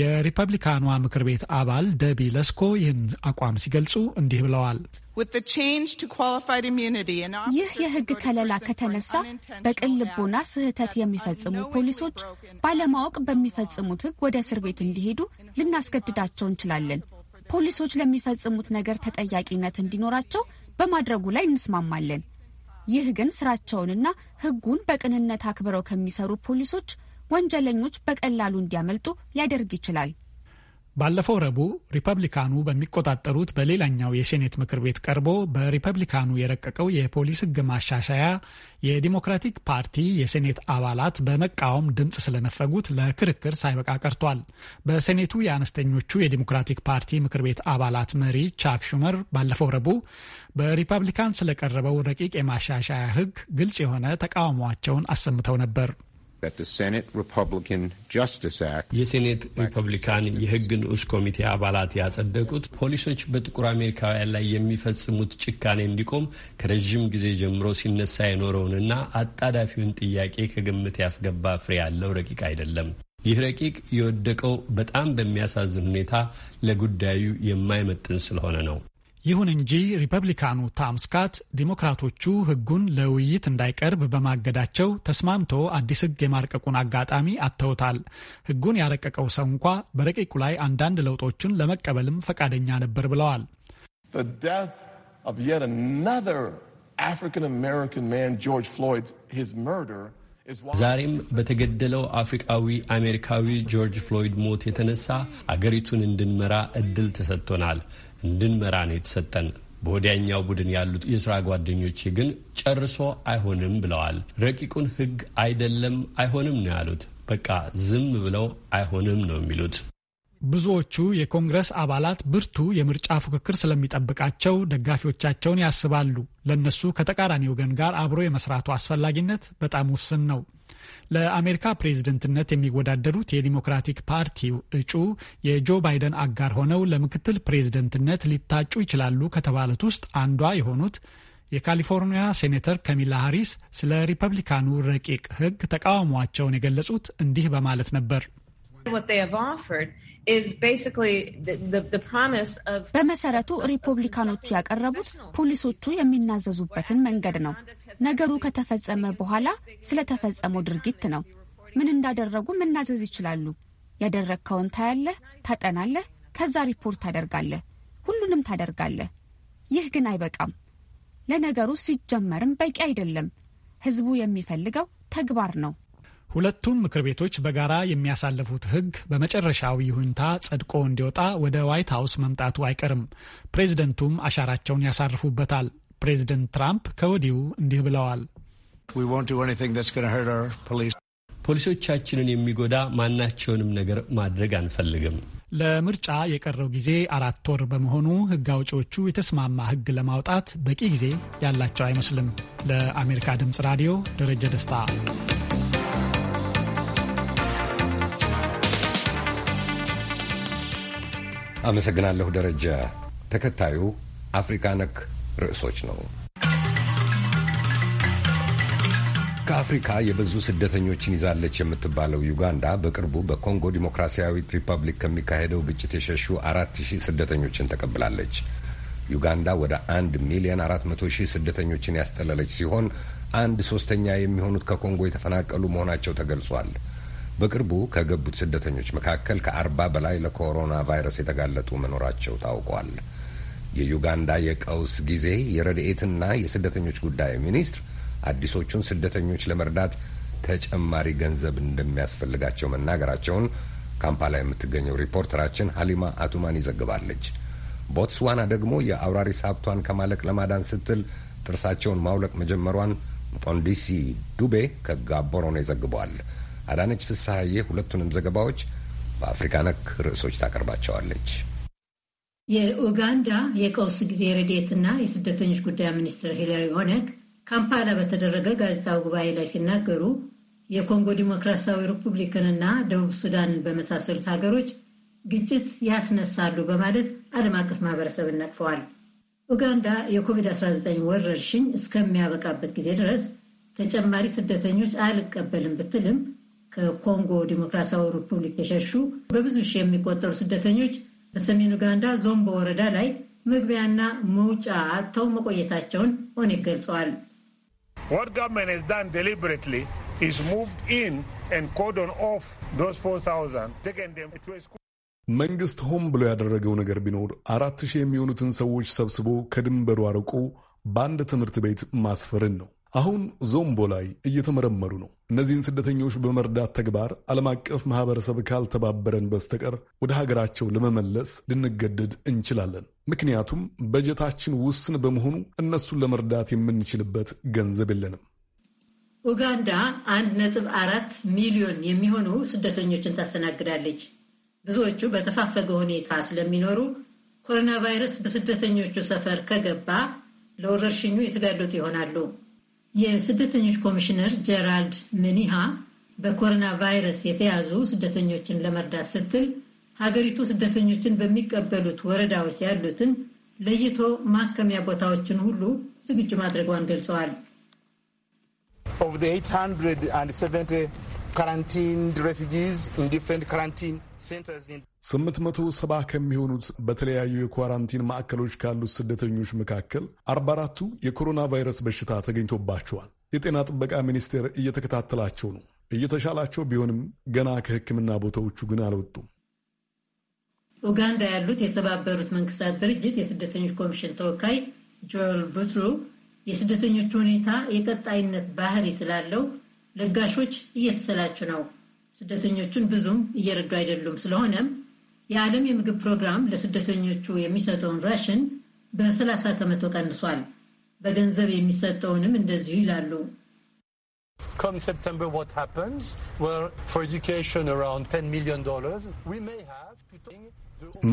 የሪፐብሊካኗ ምክር ቤት አባል ደቢ ለስኮ ይህን አቋም ሲገልጹ እንዲህ ብለዋል። ይህ የህግ ከለላ ከተነሳ በቅን ልቦና ስህተት የሚፈጽሙ ፖሊሶች ባለማወቅ በሚፈጽሙት ህግ ወደ እስር ቤት እንዲሄዱ ልናስገድዳቸው እንችላለን። ፖሊሶች ለሚፈጽሙት ነገር ተጠያቂነት እንዲኖራቸው በማድረጉ ላይ እንስማማለን። ይህ ግን ስራቸውንና ህጉን በቅንነት አክብረው ከሚሰሩ ፖሊሶች ወንጀለኞች በቀላሉ እንዲያመልጡ ሊያደርግ ይችላል። ባለፈው ረቡዕ ሪፐብሊካኑ በሚቆጣጠሩት በሌላኛው የሴኔት ምክር ቤት ቀርቦ በሪፐብሊካኑ የረቀቀው የፖሊስ ሕግ ማሻሻያ የዲሞክራቲክ ፓርቲ የሴኔት አባላት በመቃወም ድምፅ ስለነፈጉት ለክርክር ሳይበቃ ቀርቷል። በሴኔቱ የአነስተኞቹ የዲሞክራቲክ ፓርቲ ምክር ቤት አባላት መሪ ቻክ ሹመር ባለፈው ረቡዕ በሪፐብሊካን ስለቀረበው ረቂቅ የማሻሻያ ሕግ ግልጽ የሆነ ተቃውሟቸውን አሰምተው ነበር። የሴኔት ሪፐብሊካን የሕግ ንዑስ ኮሚቴ አባላት ያጸደቁት ፖሊሶች በጥቁር አሜሪካውያን ላይ የሚፈጽሙት ጭካኔ እንዲቆም ከረዥም ጊዜ ጀምሮ ሲነሳ የኖረውንና አጣዳፊውን ጥያቄ ከግምት ያስገባ ፍሬ ያለው ረቂቅ አይደለም። ይህ ረቂቅ የወደቀው በጣም በሚያሳዝን ሁኔታ ለጉዳዩ የማይመጥን ስለሆነ ነው። ይሁን እንጂ ሪፐብሊካኑ ታም ስካት ዲሞክራቶቹ ሕጉን ለውይይት እንዳይቀርብ በማገዳቸው ተስማምቶ አዲስ ህግ የማርቀቁን አጋጣሚ አጥተውታል። ሕጉን ያረቀቀው ሰው እንኳ በረቂቁ ላይ አንዳንድ ለውጦችን ለመቀበልም ፈቃደኛ ነበር ብለዋል። ዛሬም በተገደለው አፍሪቃዊ አሜሪካዊ ጆርጅ ፍሎይድ ሞት የተነሳ አገሪቱን እንድንመራ እድል ተሰጥቶናል። እንድንመራ ነው የተሰጠን። በወዲያኛው ቡድን ያሉት የሥራ ጓደኞቼ ግን ጨርሶ አይሆንም ብለዋል። ረቂቁን ሕግ አይደለም አይሆንም ነው ያሉት። በቃ ዝም ብለው አይሆንም ነው የሚሉት። ብዙዎቹ የኮንግረስ አባላት ብርቱ የምርጫ ፉክክር ስለሚጠብቃቸው ደጋፊዎቻቸውን ያስባሉ። ለእነሱ ከተቃራኒ ወገን ጋር አብሮ የመስራቱ አስፈላጊነት በጣም ውስን ነው። ለአሜሪካ ፕሬዝደንትነት የሚወዳደሩት የዲሞክራቲክ ፓርቲው እጩ የጆ ባይደን አጋር ሆነው ለምክትል ፕሬዝደንትነት ሊታጩ ይችላሉ ከተባሉት ውስጥ አንዷ የሆኑት የካሊፎርኒያ ሴኔተር ከሚላ ሃሪስ ስለ ሪፐብሊካኑ ረቂቅ ሕግ ተቃውሟቸውን የገለጹት እንዲህ በማለት ነበር። በመሰረቱ ሪፐብሊካኖቹ ያቀረቡት ፖሊሶቹ የሚናዘዙበትን መንገድ ነው። ነገሩ ከተፈጸመ በኋላ ስለተፈጸመው ድርጊት ነው። ምን እንዳደረጉ መናዘዝ ይችላሉ። ያደረግከውን ታያለህ፣ ታጠናለህ፣ ከዛ ሪፖርት ታደርጋለህ፣ ሁሉንም ታደርጋለህ። ይህ ግን አይበቃም። ለነገሩ ሲጀመርም በቂ አይደለም። ህዝቡ የሚፈልገው ተግባር ነው። ሁለቱም ምክር ቤቶች በጋራ የሚያሳልፉት ሕግ በመጨረሻው ይሁንታ ጸድቆ እንዲወጣ ወደ ዋይት ሀውስ መምጣቱ አይቀርም። ፕሬዝደንቱም አሻራቸውን ያሳርፉበታል። ፕሬዝደንት ትራምፕ ከወዲሁ እንዲህ ብለዋል። ፖሊሶቻችንን የሚጎዳ ማናቸውንም ነገር ማድረግ አንፈልግም። ለምርጫ የቀረው ጊዜ አራት ወር በመሆኑ ሕግ አውጪዎቹ የተስማማ ሕግ ለማውጣት በቂ ጊዜ ያላቸው አይመስልም። ለአሜሪካ ድምፅ ራዲዮ ደረጀ ደስታ አመሰግናለሁ ደረጀ። ተከታዩ አፍሪካ ነክ ርዕሶች ነው። ከአፍሪካ የበዙ ስደተኞችን ይዛለች የምትባለው ዩጋንዳ በቅርቡ በኮንጎ ዲሞክራሲያዊት ሪፐብሊክ ከሚካሄደው ግጭት የሸሹ አራት ሺህ ስደተኞችን ተቀብላለች። ዩጋንዳ ወደ አንድ ሚሊዮን አራት መቶ ሺህ ስደተኞችን ያስጠለለች ሲሆን አንድ ሶስተኛ የሚሆኑት ከኮንጎ የተፈናቀሉ መሆናቸው ተገልጿል። በቅርቡ ከገቡት ስደተኞች መካከል ከአርባ በላይ ለኮሮና ቫይረስ የተጋለጡ መኖራቸው ታውቋል። የዩጋንዳ የቀውስ ጊዜ የረድኤትና የስደተኞች ጉዳይ ሚኒስትር አዲሶቹን ስደተኞች ለመርዳት ተጨማሪ ገንዘብ እንደሚያስፈልጋቸው መናገራቸውን ካምፓላ የምትገኘው ሪፖርተራችን ሀሊማ አቱማን ይዘግባለች። ቦትስዋና ደግሞ የአውራሪስ ሀብቷን ከማለቅ ለማዳን ስትል ጥርሳቸውን ማውለቅ መጀመሯን ቆንዲሲ ዱቤ ከጋቦሮኔ ዘግቧል። አዳነች ፍስሐዬ ሁለቱንም ዘገባዎች በአፍሪካ ነክ ርዕሶች ታቀርባቸዋለች። የኡጋንዳ የቀውስ ጊዜ ረድኤትና የስደተኞች ጉዳይ ሚኒስትር ሂለሪ ሆነክ ካምፓላ በተደረገ ጋዜጣዊ ጉባኤ ላይ ሲናገሩ የኮንጎ ዲሞክራሲያዊ ሪፑብሊክንና ደቡብ ሱዳንን በመሳሰሉት ሀገሮች ግጭት ያስነሳሉ በማለት ዓለም አቀፍ ማህበረሰብን ነቅፈዋል። ኡጋንዳ የኮቪድ-19 ወረርሽኝ እስከሚያበቃበት ጊዜ ድረስ ተጨማሪ ስደተኞች አልቀበልም ብትልም ከኮንጎ ዲሞክራሲያዊ ሪፑብሊክ የሸሹ በብዙ ሺህ የሚቆጠሩ ስደተኞች በሰሜን ኡጋንዳ ዞምቦ ወረዳ ላይ መግቢያና መውጫ አጥተው መቆየታቸውን ኦኔግ ገልጸዋል። መንግስት ሆን ብሎ ያደረገው ነገር ቢኖር አራት ሺህ የሚሆኑትን ሰዎች ሰብስቦ ከድንበሩ አርቆ በአንድ ትምህርት ቤት ማስፈርን ነው። አሁን ዞምቦ ላይ እየተመረመሩ ነው። እነዚህን ስደተኞች በመርዳት ተግባር ዓለም አቀፍ ማህበረሰብ ካልተባበረን በስተቀር ወደ ሀገራቸው ለመመለስ ልንገደድ እንችላለን። ምክንያቱም በጀታችን ውስን በመሆኑ እነሱን ለመርዳት የምንችልበት ገንዘብ የለንም። ኡጋንዳ አንድ ነጥብ አራት ሚሊዮን የሚሆኑ ስደተኞችን ታስተናግዳለች። ብዙዎቹ በተፋፈገ ሁኔታ ስለሚኖሩ ኮሮና ቫይረስ በስደተኞቹ ሰፈር ከገባ ለወረርሽኙ የተጋለጡ ይሆናሉ። የስደተኞች ኮሚሽነር ጀራልድ ምኒሃ በኮሮና ቫይረስ የተያዙ ስደተኞችን ለመርዳት ስትል ሀገሪቱ ስደተኞችን በሚቀበሉት ወረዳዎች ያሉትን ለይቶ ማከሚያ ቦታዎችን ሁሉ ዝግጁ ማድረጓን ገልጸዋል። of the 870 quarantined refugees in different quarantine ስምንት መቶ ሰባ ከሚሆኑት በተለያዩ የኳራንቲን ማዕከሎች ካሉት ስደተኞች መካከል አርባ አራቱ የኮሮና ቫይረስ በሽታ ተገኝቶባቸዋል። የጤና ጥበቃ ሚኒስቴር እየተከታተላቸው ነው። እየተሻላቸው ቢሆንም ገና ከሕክምና ቦታዎቹ ግን አልወጡም። ኡጋንዳ ያሉት የተባበሩት መንግስታት ድርጅት የስደተኞች ኮሚሽን ተወካይ ጆል ቡትሩ የስደተኞች ሁኔታ የቀጣይነት ባህሪ ስላለው ለጋሾች እየተሰላቹ ነው ስደተኞቹን ብዙም እየረዱ አይደሉም። ስለሆነም የዓለም የምግብ ፕሮግራም ለስደተኞቹ የሚሰጠውን ራሽን በ30 ከመቶ ቀንሷል። በገንዘብ የሚሰጠውንም እንደዚሁ ይላሉ።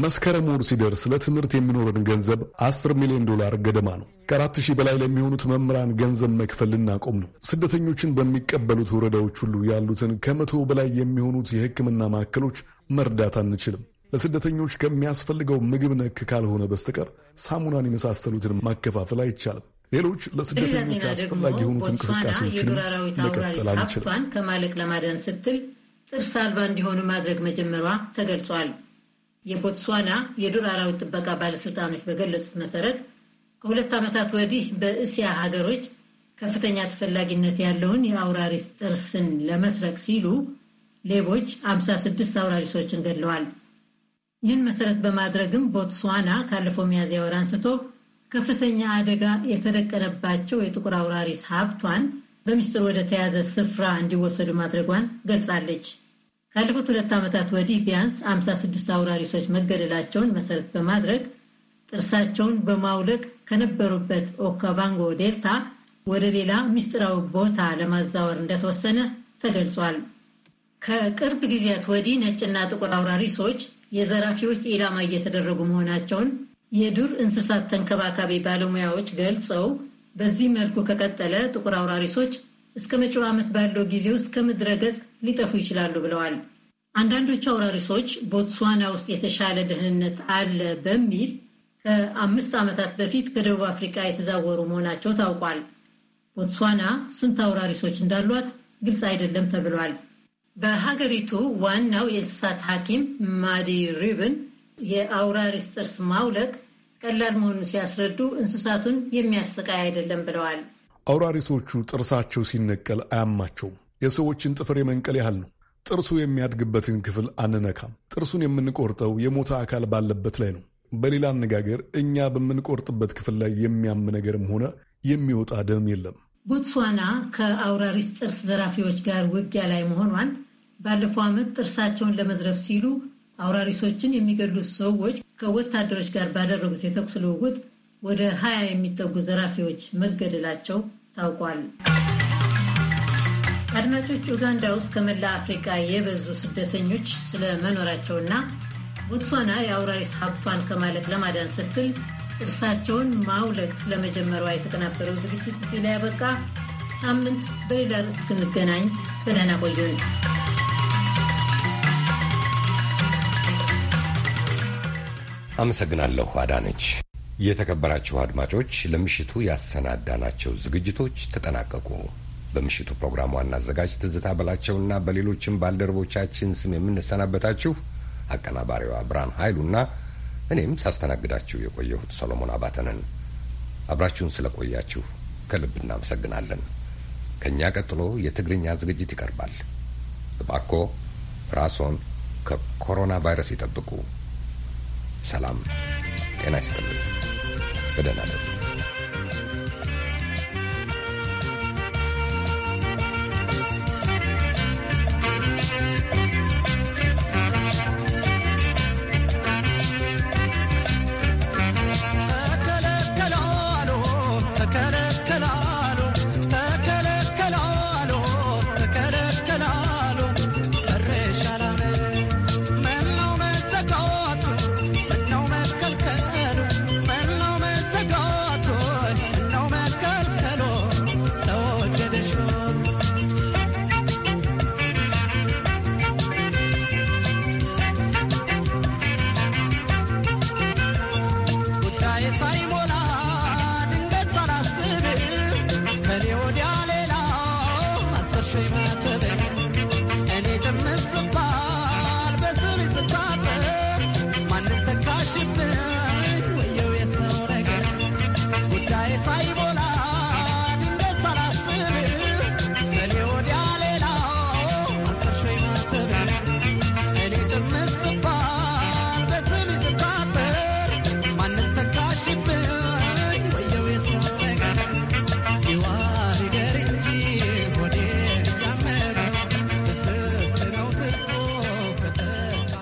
መስከረም ወር ሲደርስ ለትምህርት የሚኖረን ገንዘብ 10 ሚሊዮን ዶላር ገደማ ነው። ከአራት ሺህ በላይ ለሚሆኑት መምህራን ገንዘብ መክፈል ልናቆም ነው። ስደተኞችን በሚቀበሉት ወረዳዎች ሁሉ ያሉትን ከመቶ በላይ የሚሆኑት የሕክምና ማዕከሎች መርዳት አንችልም። ለስደተኞች ከሚያስፈልገው ምግብ ነክ ካልሆነ በስተቀር ሳሙናን የመሳሰሉትን ማከፋፈል አይቻልም። ሌሎች ለስደተኞች አስፈላጊ የሆኑት እንቅስቃሴዎችንም መቀጠል አንችልም። ከማለቅ ለማዳን ስትል ጥርስ አልባ እንዲሆኑ ማድረግ መጀመሯ ተገልጿል። የቦትስዋና የዱር አራዊት ጥበቃ ባለስልጣኖች በገለጹት መሰረት ከሁለት ዓመታት ወዲህ በእስያ ሀገሮች ከፍተኛ ተፈላጊነት ያለውን የአውራሪስ ጥርስን ለመስረቅ ሲሉ ሌቦች 56 አውራሪሶችን ገድለዋል። ይህን መሰረት በማድረግም ቦትስዋና ካለፈው ሚያዝያ ወር አንስቶ ከፍተኛ አደጋ የተደቀነባቸው የጥቁር አውራሪስ ሀብቷን በሚስጥር ወደ ተያዘ ስፍራ እንዲወሰዱ ማድረጓን ገልጻለች። ካለፉት ሁለት ዓመታት ወዲህ ቢያንስ 56 አውራሪሶች መገደላቸውን መሰረት በማድረግ ጥርሳቸውን በማውለቅ ከነበሩበት ኦካቫንጎ ዴልታ ወደ ሌላ ምስጢራዊ ቦታ ለማዛወር እንደተወሰነ ተገልጿል። ከቅርብ ጊዜያት ወዲህ ነጭና ጥቁር አውራሪሶች የዘራፊዎች ኢላማ እየተደረጉ መሆናቸውን የዱር እንስሳት ተንከባካቢ ባለሙያዎች ገልጸው በዚህ መልኩ ከቀጠለ ጥቁር አውራሪሶች እስከ መጪው ዓመት ባለው ጊዜ ውስጥ ከምድረ ገጽ ሊጠፉ ይችላሉ ብለዋል። አንዳንዶቹ አውራሪሶች ቦትስዋና ውስጥ የተሻለ ደህንነት አለ በሚል ከአምስት ዓመታት በፊት ከደቡብ አፍሪካ የተዛወሩ መሆናቸው ታውቋል። ቦትስዋና ስንት አውራሪሶች እንዳሏት ግልጽ አይደለም ተብሏል። በሀገሪቱ ዋናው የእንስሳት ሐኪም ማዲ ሪብን የአውራሪስ ጥርስ ማውለቅ ቀላል መሆኑን ሲያስረዱ እንስሳቱን የሚያሰቃይ አይደለም ብለዋል። አውራሪሶቹ ጥርሳቸው ሲነቀል አያማቸውም። የሰዎችን ጥፍር የመንቀል ያህል ነው። ጥርሱ የሚያድግበትን ክፍል አንነካም። ጥርሱን የምንቆርጠው የሞተ አካል ባለበት ላይ ነው። በሌላ አነጋገር እኛ በምንቆርጥበት ክፍል ላይ የሚያም ነገርም ሆነ የሚወጣ ደም የለም። ቦትስዋና ከአውራሪስ ጥርስ ዘራፊዎች ጋር ውጊያ ላይ መሆኗን ባለፈው ዓመት ጥርሳቸውን ለመዝረፍ ሲሉ አውራሪሶችን የሚገድሉት ሰዎች ከወታደሮች ጋር ባደረጉት የተኩስ ልውውጥ ወደ ሀያ የሚጠጉ ዘራፊዎች መገደላቸው ታውቋል። አድማጮች፣ ኡጋንዳ ውስጥ ከመላ አፍሪካ የበዙ ስደተኞች ስለመኖራቸውና ቦትሷና የአውራሪስ ሀብቷን ከማለቅ ለማዳን ስትል ጥርሳቸውን ማውለቅ ስለመጀመሯ የተቀናበረው ዝግጅት እዚህ ላይ ያበቃ። ሳምንት በሌላ ርዕስ እስክንገናኝ በደህና ቆዩን። አመሰግናለሁ አዳነች። የተከበራችሁ አድማጮች ለምሽቱ ያሰናዳናቸው ዝግጅቶች ተጠናቀቁ። በምሽቱ ፕሮግራም ዋና አዘጋጅ ትዝታ በላቸውና በሌሎችም ባልደረቦቻችን ስም የምንሰናበታችሁ አቀናባሪዋ ብርሃን ኃይሉና እኔም ሳስተናግዳችሁ የቆየሁት ሰሎሞን አባተንን አብራችሁን ስለቆያችሁ ከልብ እናመሰግናለን። ከእኛ ቀጥሎ የትግርኛ ዝግጅት ይቀርባል። እባኮ ራስዎን ከኮሮና ቫይረስ ይጠብቁ። ሰላም። ጤና ይስጥልኝ። በደህና